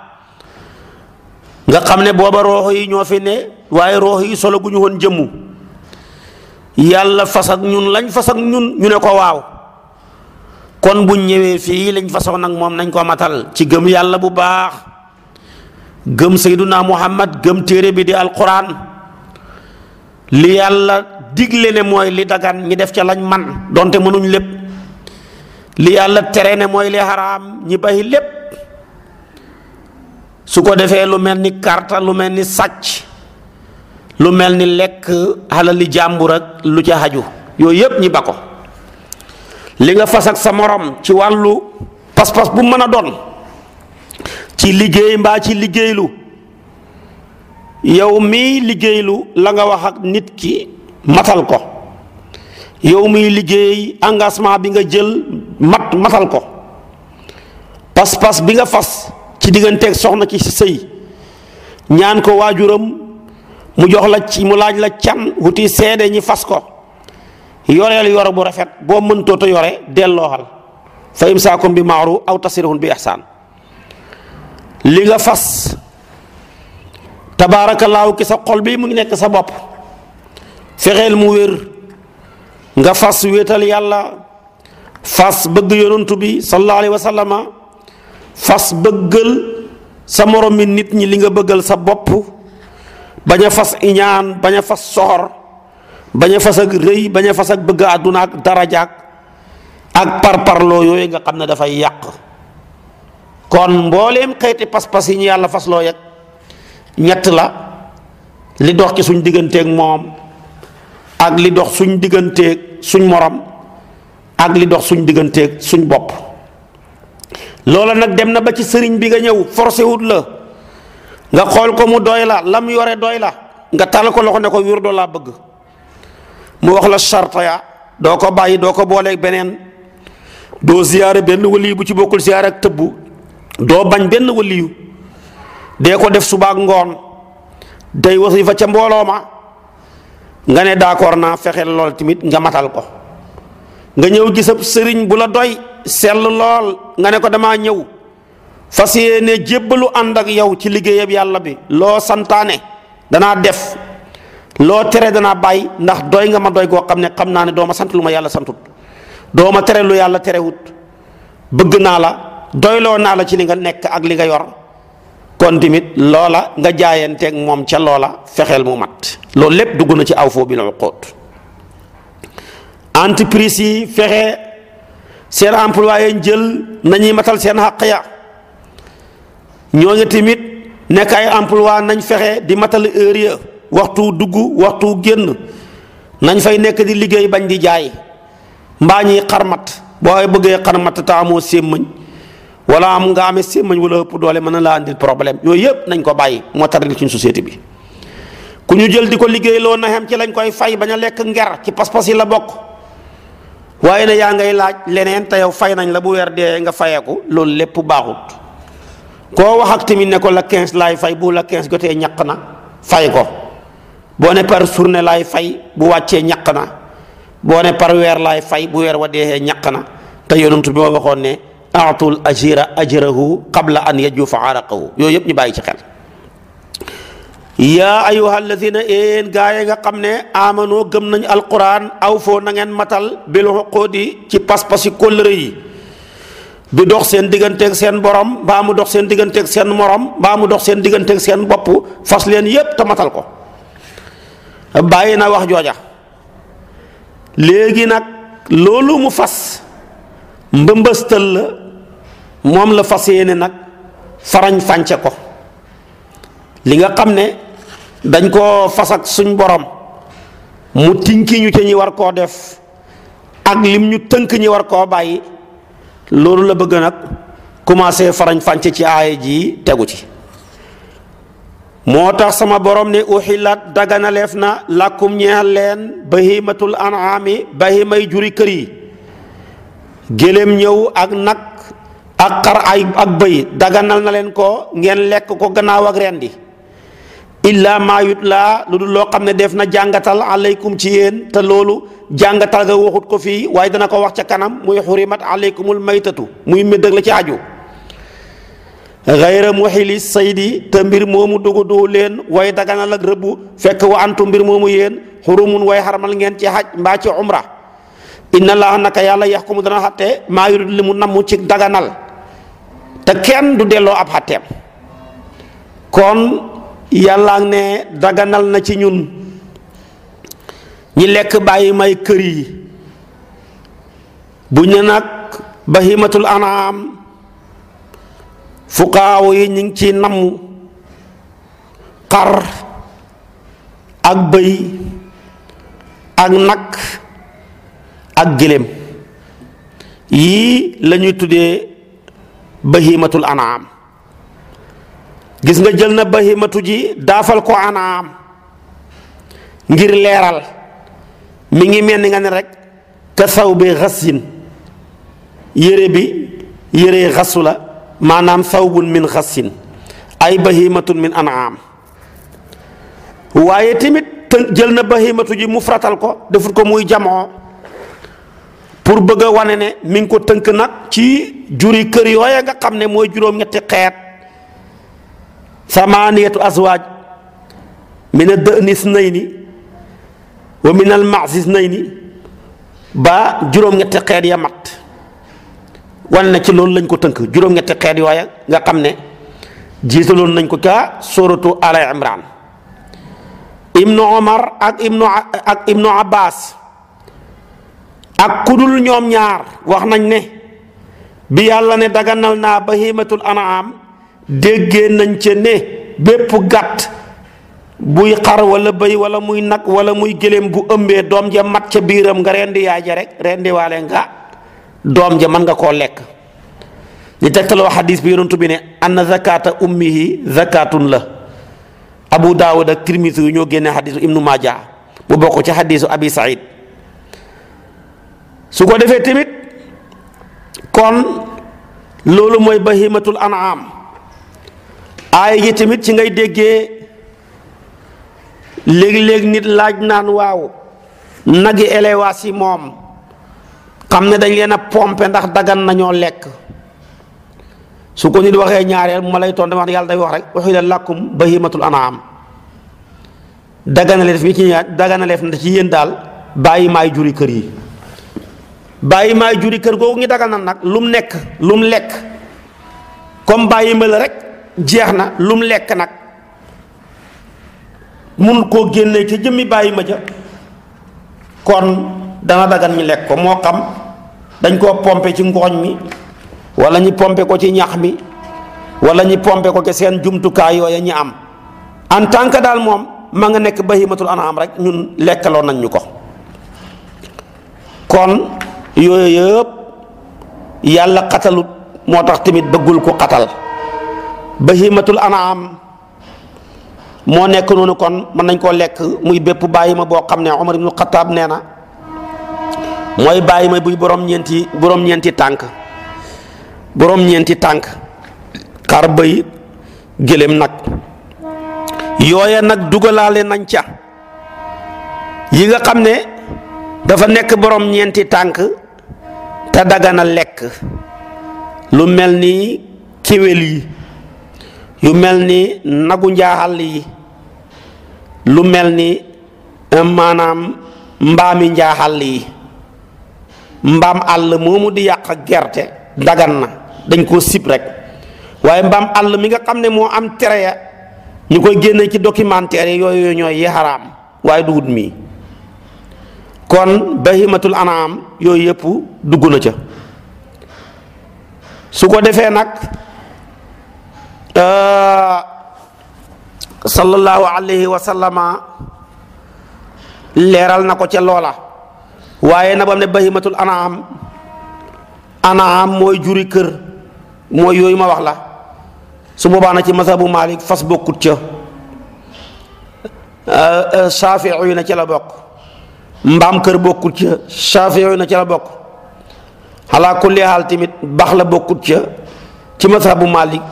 nga xam ne booba roox yi ñoo fi ne waaye roox yi solo gu ñu woon jëmmu yàlla fas ak ñun lañ fas ak ñun ñu ne ko waaw kon buñ ñëwee fii lañ fasoon ak moom nañ ko matal ci gëm yàlla bu baax gëm sayduna muhammad gëm téere bi di alquran li yàlla digle ne mooy li dagan ñi def ca lañ man donte mënuñ lépp li yàlla tere ne mooy li xaraam ñi bàyyi lépp su ko defee lu mel ni karta lu mel ni sàcc lu mel ni lekk xalali jàmbur ak lu ca xaju yooyu yépp ñi ba ko li nga fas ak sa morom ci wàllu pas-pas bu mën a doon ci liggéey mbaa ci liggéeylu yow mii liggéeylu la nga wax ak nit ki matal ko yow muy liggéey engagement bi nga jël mat matal ko pas-pas bi nga fas ci digganteeg soxna ci sëy ñaan ko waajuram mu jox la ci mu laaj la can wuti seede ñi fas ko yoreel yore bu rafet boo mëntoo te yore dellooxal fa imsaakum bi maaruf aw tasrihun bi ihsaan li nga fas tabaarakallaahu ki sa xol bi mu ngi nekk sa bopp fexeel mu wér nga fas wéetal yàlla fas bëgg yonantu bi sallallahu alayhi wa sallama fas bëggal sa morom nit ñi li nga bëggal sa bopp bañ a fas iñaan bañ a fas soxor bañ a fas ak rëy bañ a fas ak bëgg àdduna ak darajaak ak parparloo yooyu nga xam ne dafay yàq kon mboolem xeeti pas-pas yi ñu yàlla fas loo yeg ñett la li dox ci suñ digganteeg moom ak li dox suñ digganteeg suñ morom ak li dox suñ digganteeg suñ bopp loola nag dem na ba ci sëriñ bi nga ñëw forcé wut la nga xool ko mu doy la lam yore doy la nga tal ko loxo ne ko wirdo laa bëgg mu wax la charta ya doo ko bàyyi doo ko booleeg beneen doo ziyaare benn waliyu bu ci bokkul ziyaare ak tëbbu doo bañ benn waliyu dee ko def suba ngoon day wasifa ca mbooloo ma nga ne d'accord naa fexe lool tamit nga matal ko nga ñëw gisab sëriñ bu la doy sell lool nga ne ko damaa ñëw fas ne jébbalu ànd ak yow ci liggéeyam yàlla bi loo santaane danaa def loo tere danaa bàyyi ndax doy nga ma doy goo xam ne xam naa ne doo ma sant lu ma yàlla santut doo ma tere lu yàlla terewut bëgg naa la doyloo naa la ci li nga nekk ak li nga yor kon tamit loola nga jaayanteeg moom ca loola fexeel mu mat loolu lépp dugg na ci aw foo bil uqud entreprise yi fexe seen employé jël nañuy matal seen xàq ya ñooñu tamit nekk ay emploi nañ fexe di matal heure ya waxtu dugg waxtu génn nañ fay nekk di liggéey bañ di jaay mbaa ñiy xarmat boo bëggee xarmat taamoo sémmañ wala am nga amee sémmañ wala ëpp doole mën na laa andil problème yooyu yëpp nañ ko bàyyi moo taril suñ société bi ku ñu jël di ko liggéey loo na xem ci lañ koy fay bañ a lekk nger ci pas-pas yi la bokk waaye ne yaa ngay laaj leneen te yow fay nañ la bu weer dee nga fayeeku loolu lépp baaxut koo wax ak tamit ne ko la 15 laay fay bu la 15 jotee ñaq na fay ko boo ne par journée laay fay bu wàccee ñaq na boo ne par weer laay fay bu weer wa deexee ñaq na te yonent bi ma ne aatul ajira ajrahu qabla an yajufa araqahu yooyu yëpp ñu bàyyi ci xel yaa ayuha alladina een gaa nga xam ne amanoo gëm nañ alquran aw foo na ngeen matal bil uqudi ci pas-pasi kóllëre yi bi dox seen digganteeg seen borom mbaa mu dox seen digganteeg seen morom mbaa mu dox seen digganteeg seen bopp fas leen yépp te matal ko bàyyi na wax jooja léegi nag loolu mu fas mbëmbëstal la moom la fas yéene nag farañ fànce ko li nga xam ne dañ koo fas ak suñ borom mu tinki ñu ca ñi war koo def ak lim ñu tënk ñi war koo bàyyi loolu la bëgg nag commencé farañ fànce ci aaya ji tegu ci moo tax sama borom ne uxilat daganaleef na làkkum ñeel leen bahimatul an'ami bahimay juri kër yi géléem ñëw ak nag ak xar ay ak bëy daganal na leen ko ngeen lekk ko gannaaw ak rendi illa maa yutlaa lu dul loo xam ne def na jàngatal aleykum ci yéen te loolu jàngatal nga waxut ko fii waaye dana ko wax ca kanam muy xurimat aleykumul maytatu muy méddëg la ci aju xayra muxili saydi te mbir moomu dugu du leen way daganal ak rëbbu fekk wa antu mbir moomu yéen xurumun way xaramal ngeen ci xaj mbaa ci umra inna laa naka yàlla yax ko mu dana xatte maa li mu namm daganal te kenn du delloo ab xàtteem kon yàlla ne daganal na ci ñun ñi lekk bàyyi may kër yi bu ñu nag bahimatul anaam fuqaaw yi ñu ngi ci namm xar ak bëy ak nag ak gëléem yii lañuy tuddee bahimatul anaam gis nga jël na bahimatu ji daafal ko anaam ngir leeral mi ngi mel ni nga ne rek ka saw bi xasin yére bi yére xasu la maanaam sawbun min xasin ay bahimatun min anaam waaye tamit jël na bahimatu ji mu fratal ko defut ko muy jamoo pour bëgg a wane ne mi ngi ko tënk nag ci juri kër yooya nga xam ne mooy juróom-ñetti xeet samaaniyatu azwaaj min a dëni snayni wa min al maxsi snayni ba juróom-ñetti xeet ya mat wane na ci loolu lañ ko tënk juróom-ñetti xeet yooya nga xam ne jiitaloon nañ ko ca suratu ala imran ibnu omar ak ibnu ak ibnu abbas ak kudul ñoom ñaar wax nañ ne bi yàlla ne daganal naa ba bahimatul anaam déggee nañ ca ne bépp gàtt buy xar wala bëy wala muy nag wala muy gëléem gu ëmbee doom ja mat ca biiram nga rendi yaay ja rek rendi nga doom ja mën nga koo lekk li tegtaloo xadis bi yonent bi ne anna zakata ummihi zakatun la abu daawud ak tirmisi yu ñoo génne xadisu ibnu maaja bu bokk ci xadisu abi said su ko defee tamit kon loolu mooy bahimatul an'am aaya yi tamit ci ngay déggee léegi léeg nit laaj naan waaw nag yi éléwaas yi moom xam ne dañ leen a pompe ndax daggan nañoo lekk su ko nit waxee ñaareel ma lay tontu wax yàlla day wax rek ba uhilla lakum bahimatul an'am daganaleef mi ci daganaleef na ci yéen daal bàyyi maay juri kër yi bàyyi may juri kër googu dagal na nag lu mu nekk lu mu lekk comme bàyyi ma la rek jeex na lu mu lekk nag mun koo génnee ci jëmmi bàyyi ma ja kon dana dagan ñu lekk ko moo xam dañ koo pompe ci ngooñ mi wala ñu pompe ko ci ñax mi wala ñu pompe ko ci seen jumtukaay yooyu ñu am en tant que daal moom ma ngi nekk bahimatul am rek ñun lekkaloon nañ ñu ko kon yooyu yëpp yàlla xatalut moo tax tamit bëggul ku xatal bahimatul anaam moo nekk noonu kon mën nañ koo lekk muy bépp bàyyi ma boo xam ne Omar ibnu Xataab nee na mooy bàyyi ma buy boroom ñeenti boroom ñeenti tànk borom ñeenti tànk xar bëy gëléem nag yooya nag dugalaale nañ ca yi nga xam ne dafa nekk borom ñeenti tànk te dagana lekk lu mel ni kéwél yi yu mel ni nagu njaaxal yi lu mel ni eh, maanaam mbaami njaaxal yi mbaam àll moomu di yàq gerte dagan na dañ koo sib rek waaye mbaam àll mi nga xam ne moo am tere ya ñu koy génne ci documentaire yooyu yooyu ñooy yi xaraam waaye dugut mii kon bahimatul anaam yooyu yëpp dugg na ca su ko defee nag euh, sallallahu alayhi wa sallama leeral na ko ca loola waaye na bam ne bahimatul anaam anaam mooy juri kër mooy yooyu ma wax la su boobaa na ci mazhabu Malik fas bokkut ca euh, euh, Shaafi'i na ca la bokk mbaam kër bokkut ca Shaafi'i na ca la bokk ala kulli haal tamit bax la bokkut ca ci bu Malik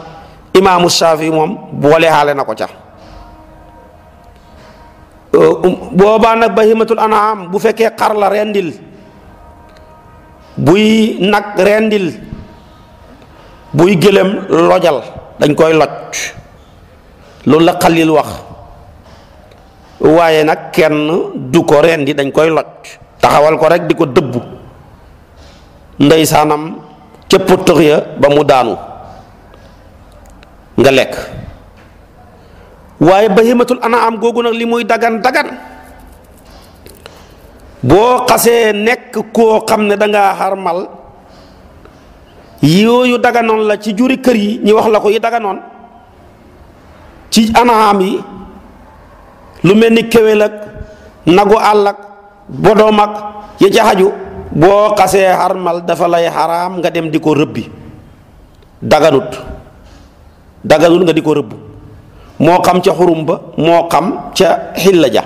imaamu Shaafi'i moom boole xaale na ko ca euh, um, boobaa nag bahimatul anaam bu fekkee xar la rendil buy nag rendil buy gëlëm lojal dañ koy loj loolu la xalil wax waaye nag kenn du ko reen rendi dañ koy loj taxawal ko rek di ko dëbb ndeysaanam ca pëtëx ya ba mu daanu nga lekk waaye bahimatul anaam googu nag li muy dagan dagan boo xasee nekk koo xam ne dangaa xarmal yooyu daganoon la ci juri kër yi ñu wax la ko yi daganoon ci anaam yi lu mel ni kéwél ak nagu àll ak bodoom ak ya ca xaju boo xasee xarmal dafa lay xaraam nga dem di ko rëbbi daganut daganut nga di ko rëbb moo xam ca xurum ba moo xam ca xilla ja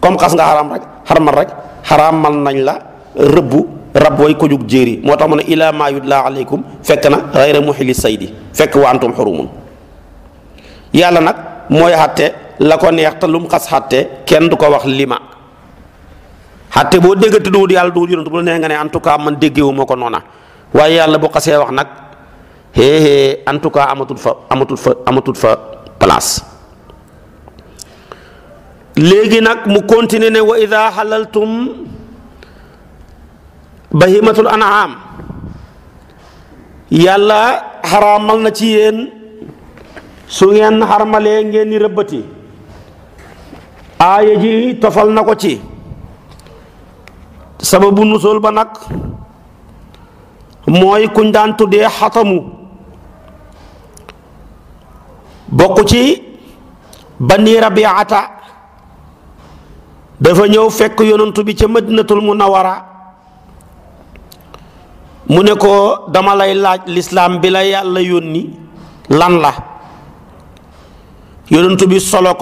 comme xas nga xaraam rek xarmal rek xaraamal nañ la rëbb rab way ko jug jéeri moo tax mu ne ilaa maa yutla aleykum fekk na xayra muxili saydi fekk wa antum xurumun yàlla nag mooy xàtte la ko neex te lu mu xas xatte kenn du ko wax lima xatte boo déggati duwut yàlla duwut yonent bu la nga ne en tout cas man déggewu ma ko noona waaye yàlla bu xasee wax nag héehée en tout cas amatul fa amatul fa amatul fa place léegi nag mu continuer ne wa ida xalaltum bahimatul an'am yàlla xaraamal na ci yéen su ngeen xarmalee ngeen ni rëbbati aaya ji tofal na ko ci sababu nusul ba nag mooy kuñ daan tuddee xatamu bokk ci bani rabiata dafa ñëw fekk yonantu bi ca madinatul munawara mu ne ko dama lay laaj lislaam bi la yàlla yónni lan la yonantu bi solo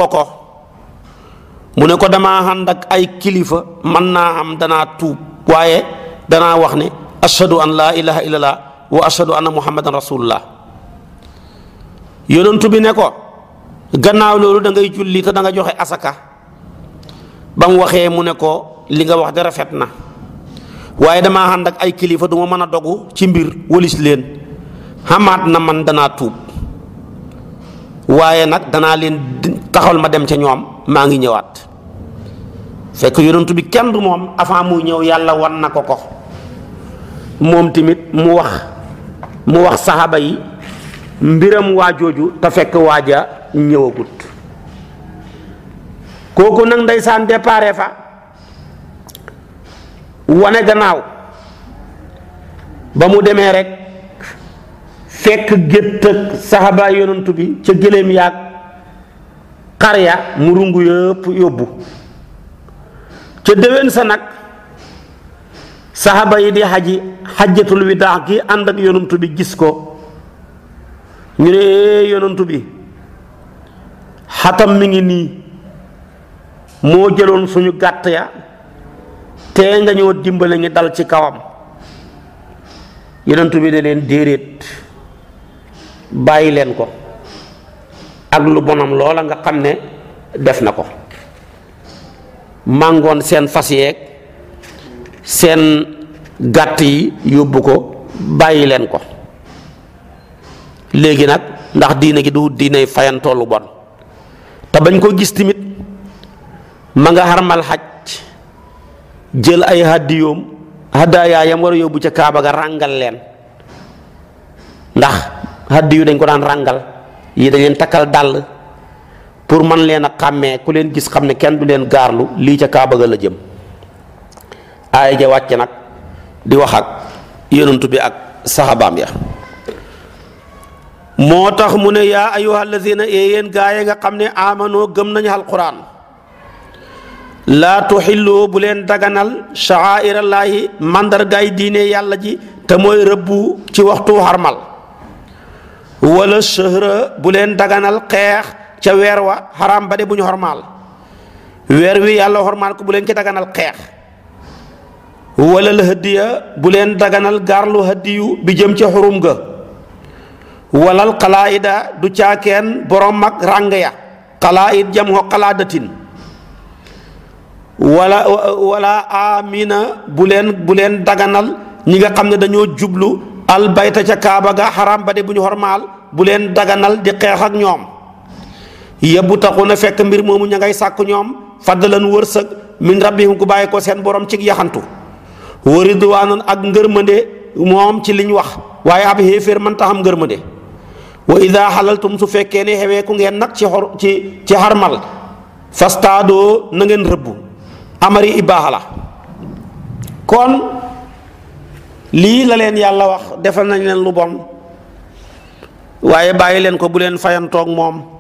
mu ne ko damaa ànd ak ay kilifa mën naa am danaa tuub waaye danaa wax ne ashadu an laa ilaha illallah wa ashadu anna muhammadan bi ne ko gannaaw loolu da ngay julli te da nga joxe asaka ba mu waxee mu ne ko li nga wax de na waaye damaa ànd ak ay kilifa duma mën a dogu ci mbir wëlis leen xamaat na man danaa tuub waaye nag danaa leen taxawal ma dem ca ñoom maa ngi ñëwaat fekk yonent bi kenn du moom avant muy ñëw yàlla wan na ko ko moom tamit mu wax mu wax saxaaba yi mbiram waa jooju te fekk waaja ñëwagut kooku nag ndeysaan déparé fa wane gannaaw ba mu demee rekk fekk gétt saxaaba yonent bi ca gëléem yaag xar ya mu rungu yëpp yóbbu ca déwén sa nag saxaaba yi di xaji xajjatul widaax gi ànd ak yonantu bi gis ko ñu ne yonantu bi xatam mi ngi nii moo jëloon suñu gàtt ya tee nga ñëw dimbale ngi dal ci kawam yonantu bi ne leen déeréet bàyyi leen ko ak lu bonam loola nga xam ne def na ko màngoon seen fas yeeg seen gàtt yi yóbbu ko bàyyi leen ko léegi nag ndax diine gi du diiney fayantoo lu bon te bañ ko gis tamit ma nga xarmal xaj jël ay hàddiyoom hàddaayaayam war a yóbbu ca kaaba ga ràngal leen ndax hàddiyu dañ ko daan ràngal yi dañ takkal dàll pour man leen a xàmmee ku leen gis xam ne kenn du leen gaarlu lii ca kaaba ga la jëm aaya ja wàcc nag di wax ak yonantu bi ak saxabaam ya moo tax mu ne yaa ayyuha allazina ee yéen gaaye nga xam ne amanoo gëm nañu alquran laa tuxilloo bu leen daganal sha'airallaahi mandargaay diine yàlla ji te mooy rëbbu ci waxtu xarmal wala shahra bu leen daganal xeex ca weer wa xaraam ba bu ñu xormaal weer wi yàlla xormaal ko bu leen ci daganal xeex wala la hëddiya bu leen daganal gaarlu hëddiyu bi jëm ca xurum ga walal xalaayida du caakeen borom mag ràng ya xalaayid jam ko xalaadatin wala wala amina bu leen bu leen daganal ñi nga xam ne dañoo jublu albayta ca kaaba ga xaram ba bu ñu xormaal bu leen daganal di xeex ak ñoom na fekk mbir moomu ña ngay sàkk ñoom fadlan wërsëg min rabbihim ku bàyyi ko seen borom ci yaxantu wa ak ngërmande moom ci liñ wax waaye ab xéeféer mën taxam ngërmande wa ida xalaltum su fekkee ne xewee ku ngeen nag ci xor ci ci xarmal fastaadoo na nangeen rëbb amari ibaaxa la kon lii la leen yàlla wax defal nañ leen lu bon waaye bàyyi leen ko bu leen fayantoog moom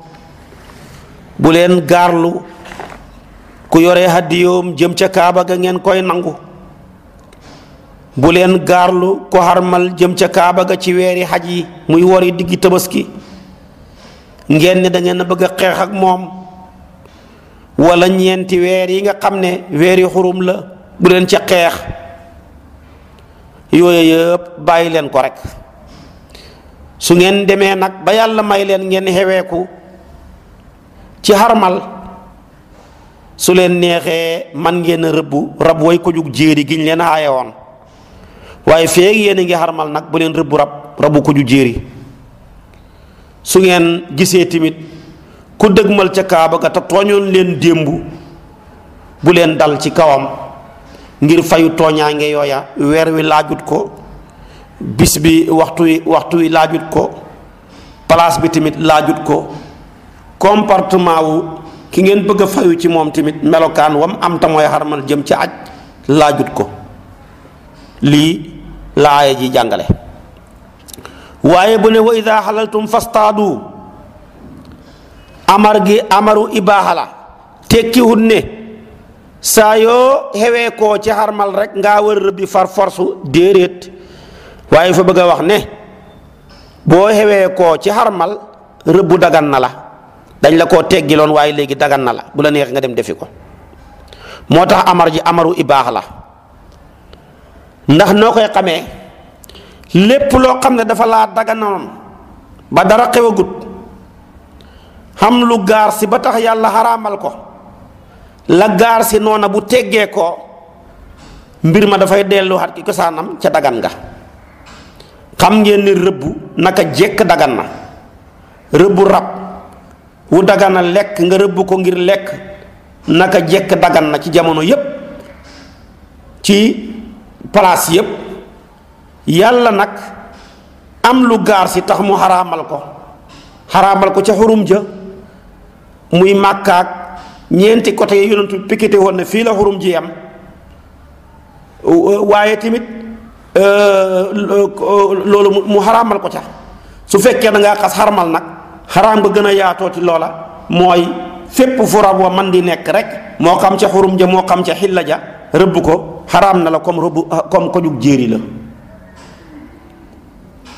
bu leen gaarlu ku yore hadiyoom jëm ca kaaba ga ngeen koy nangu bu leen gaarlu ko xarmal jëm ca kaaba ga ci weeri xaj yi muy wori digg tabaski ngeen ni da ngeen bëgg a xeex ak moom wala ñeenti weer yi nga xam ne weeri xurum la bu leen ca xeex yooyu yëpp bàyyi leen ko rekk su ngeen demee nag ba yàlla may leen ngeen xeweeku ci xarmal su leen neexee man ngeen rëbb rab way koju jug jéeri giñ leen aaye woon waaye feeg yéen a ngi xarmal nag bu leen rëbbu rab rabu ko jug jéeri su ngeen gisee tamit ku dëgmal ca kaaba ga te tooñoon leen démb bu leen dal ci kawam ngir fayu tooñaange yooya weer wi laajut ko bis bi waxtu wi waxtu wi laajut ko place bi tamit laajut ko comportement wu ki ngeen bëgg a fayu ci moom tamit melokaan wam am ta mooy xarmal jëm ci aj laajut ko lii laaya ji jàngale waaye bu ne wa ida xalaltum fastaadu amar gi amaru ibaaxa la tekkiwut ne saa yoo xewee koo ci xarmal rek nga war rëbbi far force déeréet waaye fa bëgg wax ne boo xewee koo ci xarmal rëbbu dagan na la dañ la koo teggiloon waaye léegi dagan na la bu la neex nga dem defi ko moo tax amar ji amaru i baax la ndax noo koy xamee lépp loo xam ne dafa laa daganoon ba dara xew agut xam lu gaar si ba tax yàlla xaraamal ko la gaar si noona bu teggee ko mbir ma dafay delluwaat ki cosaanam ca dagan nga xam ngeen ni rëbb naka jekk dagan na rëbbu rab wu dagana lekk nga rëbb ko ngir lekk naka jekk dagan na ci jamono yépp ci place yépp yàlla nag am lu gaar si tax mu xaraamal ko xaraamal ko ca xurum jë muy màkkaak ñeenti côté yi yonentu piqueté woon ne fii la xurum ji am waaye tamit euh, euh, loolu mu xaraamal ko ca su fekkee da xas xarmal nag xaraam ba gën a yaatoo ci loola mooy fépp fu rab wa man di nekk rek moo xam ca xurum ja moo xam ca xilla ja rëbb ko xaraam na la comme rëbb ah, comme la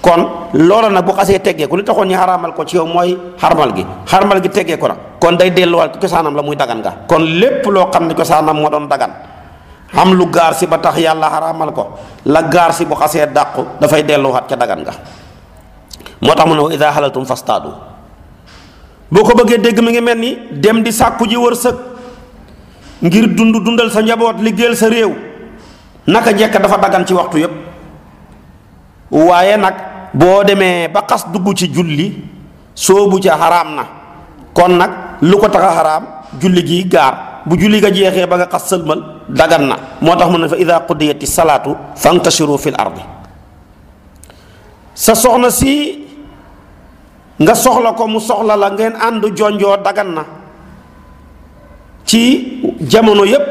kon loola nag bu xasee teggee ko li taxoon ñu xaraamal ko ci yow mooy xarmal gi xarmal gi ko na kon day delluwaat ci cosaanam la muy dagan nga kon lépp loo xam ne cosaanam moo doon dagan am lu gaar si ba tax yàlla xaraamal ko la gaar si bu xasee dàqu dafay delluwaat ca dagan nga moo tax mu ne wa idaa xalaltum boo ko bëggee dégg mi ngi mel ni dem di sàkku ji wërsëg ngir dund dundal sa njaboot liggéeyal sa réew naka njëkk dafa dagan ci waxtu yépp waaye nag boo demee ba xas dugg ci julli soobu ca xaraam na kon nag lu ko tax a julli gi gaar bu julli ga jeexee ba nga xas sëlmal dagan na moo tax mën na fa ida qudiyati salaatu fantashiru fil ardi sa soxna si nga soxla ko mu soxla la ngeen ànd jonjoo dagan na ci jamono yépp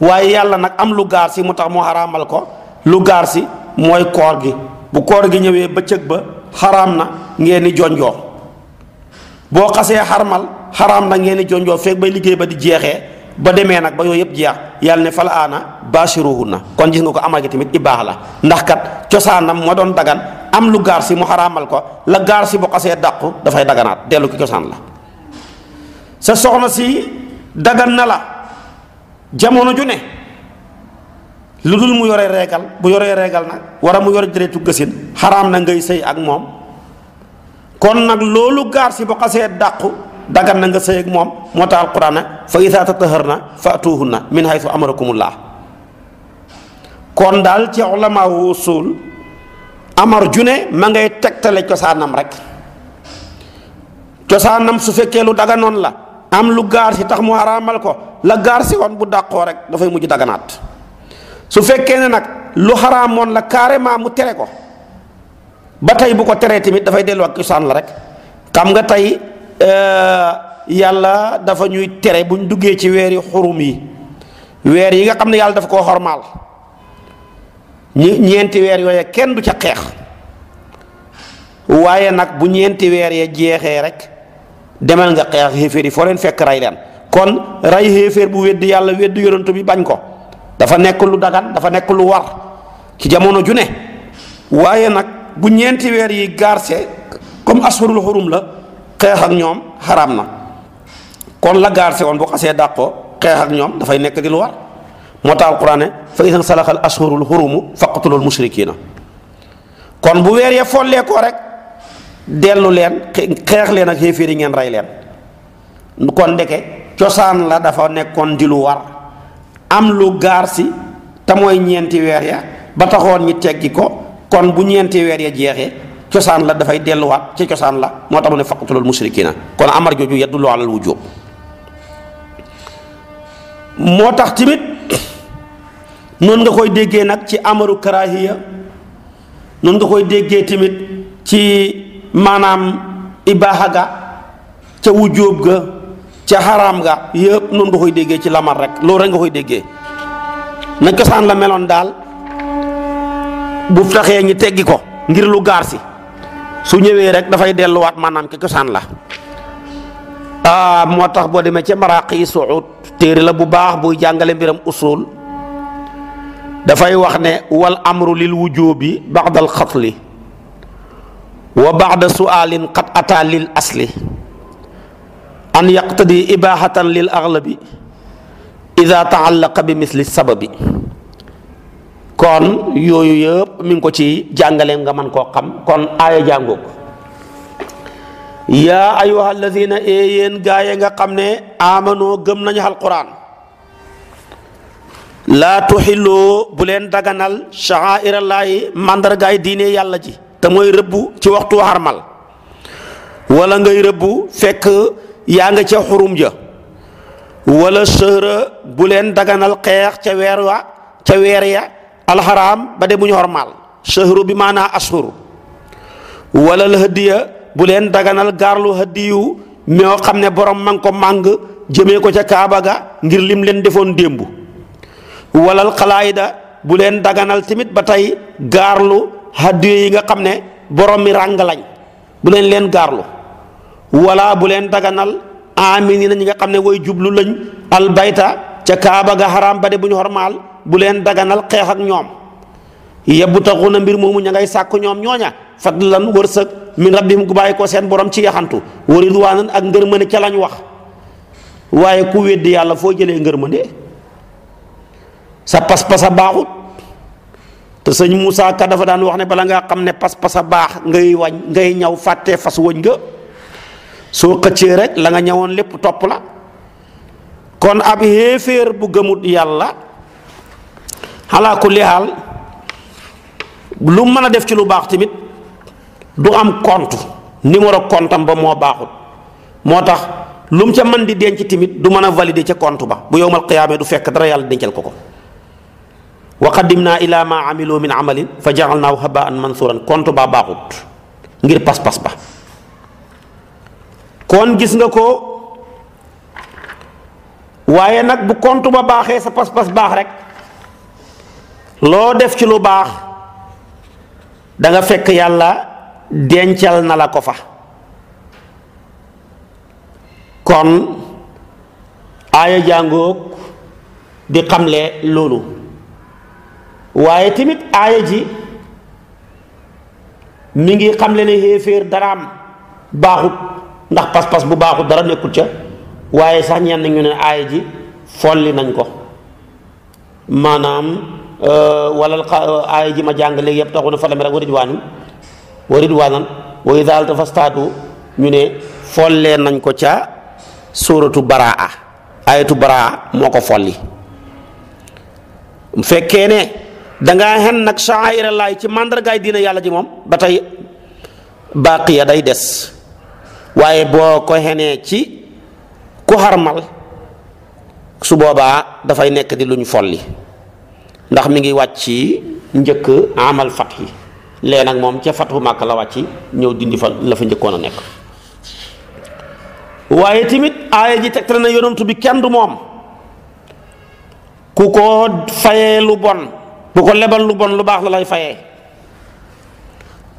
waaye yàlla nag am lu gaar si mu tax mu xaraamal ko lu gaar si mooy koor gi bu koor gi ñëwee ba bëccëg ba xaram na ngeen di jonjoo boo xasee xarmal xaraam na ngeen di jonjoo fekk bay liggéey ba di jeexee ba demee nag ba yooyu yëpp jeex yàlla ne fal aana na kon gis nga ko amal gi tamit baax la ndax kat cosaanam moo doon dagan am lu gaar si mu xaraamal ko la gaar si bu xasee dàqu dafay daganaat dellu ki cosaan la sa soxna si dagan na la jamono ju ne lu dul mu yore reegal bu yoree reegal nag war a mu yore deretu gësin xaraam na ngay sëy ak moom kon nag loolu gaar si bu xasee dàqu dagan na nga sëy ak moom moo tax alquran na fa na tatahharna fa'tuhunna min haythu amarakumullah kon daal ci ulamaawu usul amar june ma ngay tegtale cosaanam rek cosaanam su fekkee lu daganoon la am lu gaar si tax mu xaraamal ko la gaar si woon bu dàqoo rek dafay mujj daganaat su fekkee ne nag lu xaramoon la carrément mu tere ko ba tey bu ko teree tamit dafay dellu ak cosaan la rek xam nga tey eh, yàlla dafa ñuy tere bu ñu duggee ci weeri xurum yi weer yi nga xam ne yàlla dafa koo xormaal ñi ñeenti weer yooya kenn du ca xeex waaye nag bu ñeenti weer ya jeexee rek demal nga xeex xéeféer yi foo leen fekk rey leen kon rey xéeféer bu weddi yàlla weddi yonantu bi bañ ko dafa nekk lu dagan dafa nekk lu war ci jamono ju ne waaye nag bu ñeenti weer yi garse comme asfarul xurum la xeex ak ñoom xaraam na kon la garse woon bu xasee dàqoo xeex ak ñoom dafay nekk di lu war moo tax alquran ne fa isan salaxal ashhurul xurumu faqtulul mushrikina kon bu weer ya follee rek dellu leen xeex leen ak xéeféer yi ngeen rey leen kon ndeke cosaan la dafa nekkoon di lu war am lu gaar si te mooy ñeenti weer ya ba taxoon ñi teggi ko kon bu ñeenti weer ya jeexee cosaan la dafay delluwaat ci cosaan la moo tax mu ne faqtulul mushrikina kon amar jooju yadullu alal wujub moo tax timit noonu nga koy déggee nag ci amaru karahiya noonu nga koy déggee tamit ci maanaam ibaaha ga ca wujjóob ga ca xaraam ga yëpp noonu nga koy déggee ci lamar rek loolu rek nga koy déggee na cosaan la meloon daal bu taxee ñi teggi ko ngir lu gaar si su ñëwee rek dafay delluwaat maanaam ke cosaan la ah, moo tax boo demee ca maraaqi suud téere la bu baax buy jàngale mbiram usul dafay wax ne wal amru lil wujubi ba'da al xatli wa ba'da su'alin qad ata lil asli an yaqtadi ibahatan lil aghlabi ida taallaqa bi misli sababi kon yooyu yëpp mi ngi ko ci jàngale nga mën koo xam kon aaya jàngoo ko yaa ayuha alladina ee nga xam ne amanoo gëm nañu alquran laa tuxilloo bu leen daganal sha'airallaahi màndargaay diine yàlla ji te mooy rëbbu ci waxtu xarmal wala ngay rëbbu fekk yaa nga ca xurum ja walla sëhra bu leen daganal xeex ca weer wa ca weer ya alxaraam ba de bu ñu xormaal bi maanaa ashur wala la bu leen daganal gaarlu hëddiyu meew xam ne borom man ko màng jëmee ko ca kaaba ga ngir lim leen defoon démb walal xalaayida bu leen daganal tamit ba tey gaarlu hadiya yi nga xam ne borom mi ràng lañ bu leen leen gaarlu wala bu leen daganal amin yi na ñi nga xam ne way jublu lañ albayta ca kaaba ga xaraam ba de bu ñu xormaal bu leen daganal xeex ak ñoom yebbu taxu na mbir moomu ña ngay sàkk ñoom ñooña fadlan wërsëg bi mu gu bàyyi ko seen borom ci yaxantu wa ridwaanan ak ngërmande ca lañ wax waaye ku weddi yàlla foo jëlee ngërmande sa pas-pas a baaxut te sañ Moussa Ka dafa daan wax ne bala nga xam ne pas-pas a baax ngay wañ ngay ñaw fàttee fas wëñ nga soo xëccee rek la nga ñawoon lépp topp la kon ab xéeféer bu gëmut yàlla xalaa kulli xaal lu mën a def ci lu baax tamit du am compte numéro compte am ba moo baaxut moo tax lu mu ca mën di denc tamit du mën a valider ca compte ba bu yow yowmal qiyaamee du fekk dara yàlla dencal ko ko wa qaddimnaa ilaa ma amilu min amalin fa ja'alnaahu habaan mansuuran compte ba baaxut ngir pas-pas ba kon gis nga ko waaye nag bu compte ba baaxee sa pas-pas baax rek loo def ci lu baax danga fekk yàlla dencal na la ko fa kon aaya jàngoog di xamle loolu waaye tamit aaya ji mu ngi xam le ne xéeféer daraam baaxut ndax pas-pas bu baaxut dara nekkul ca waaye sax ñeen nañ ñu ne aaya ji folli nañ ko maanaam euh, walal aaya ji ma jàng léegi yëpp taxu na fa lame rek warit waanin warit waanan way daal dafa staatu ñu ne follee nañ ko ca suuratu baraa ayatu baraa moo ko folli fekkee ne danga xen nag sha'aira laay ci màndargaay diina yàlla ji moom ba tey baaqiya day des waaye boo ko xenee ci ku xarmal su boobaa dafay nekk di luñ folli ndax mu ngi wàcc ci njëkk amal fat yi lee nag moom ca fatu màkk la wàcc ñëw dindi fa la fa njëkkoon a nekk waaye tamit aaya ji tegtale na yonantu bi kenn du moom ku ko fayee lu bon bu ko lebal lu bon lu baax la lay fayee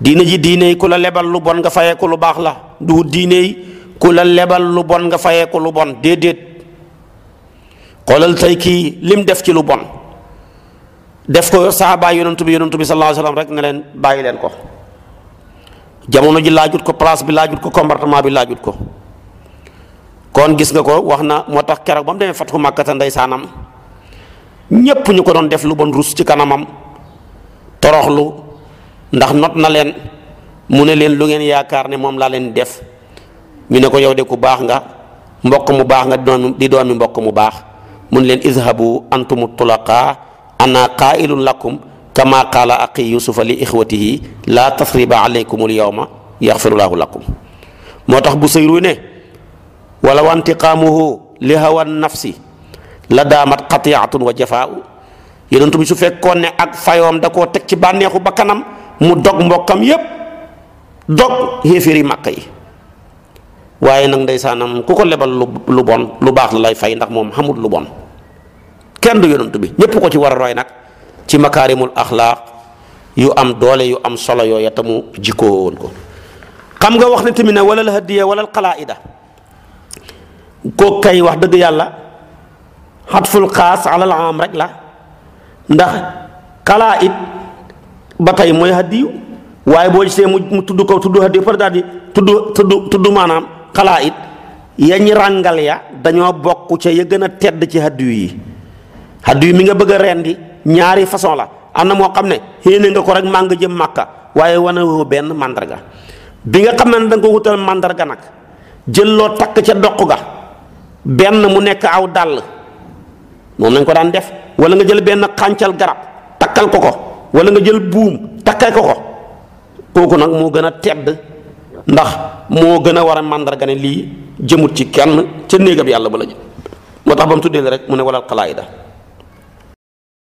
diine ji diine yi ku la lebal lu bon nga fayee ko lu baax la du diine yi ku la lebal lu bon nga fayee ko lu bon déedéet xoolal tey kii lim def ci lu bon def ko saaba yonentu bi yonentu bi sallallahu alayhi rek ne leen bàyyi leen ko jamono ji laajut ko place bi laajut ko comportement bi laajut ko kon gis nga ko wax na moo tax keroog ba mu demee fatxu màkkata ndey saanam ñépp ñu ko doon def lu bon rus ci kanamam toroxlu ndax not na leen mu ne leen lu ngeen yaakaar ne moom laa leen def ñu ne ko yow de ku baax nga mbokk mu baax nga di doomi mbokk mu baax mun leen izhabu antumu tulaqa ana qailun lakum kama qaala aqi yusufa li ixwatihi laa tasriba alaykumul yawma yaxfirulaahu lakum moo tax bu sëyru ne wala wantiqaamuhu li hawan nafsi la daamat xatiatun wa jafaa yonent bi su fekkoon ne ak fayoom da koo teg ci bànneexu ba kanam mu dog mbokkam yépp dog xéeféeri màkk yi waaye nag ndeysaanam ku ko lebal lu bon lu baax la lay fay ndax moom xamul lu bon kenn du yonent bi ñépp ko ci war a roy nag ci makaarimul axlaaq yu am doole yu am solo yooya te jikkoo woon ko xam nga wax ne tamit ne wala al hadiya wala koo kay wax dëgg yàlla xatful xaas alal am rek la ndax xalaa it ba tey mooy hadiyu waaye boo gisee mu tudd ko tudd hadiyu par daal tudd tudd tudd maanaam xalaa it yañ ràngal ya dañoo bokk ca ya gën a tedd ci hadiyu yi hadiyu mi nga bëgg a rendi ñaari façon la am na moo xam ne xéene nga ko rek maa nga jëm màkka waaye wana woo benn màndarga bi nga xam ne da nga ko wutal màndarga nag jëlloo takk ca doq ga benn mu nekk aw dàll moom lañ ko daan def wala nga jël benn xàncal garab takkal ko ko wala nga jël buum takkal ko ko kooku nag moo gën a tedd ndax moo gën a war a màndarga ne lii jëmut ci kenn ca néegam yàlla ba la jëm moo tax ba mu tuddee rek mu ne walal xalaayida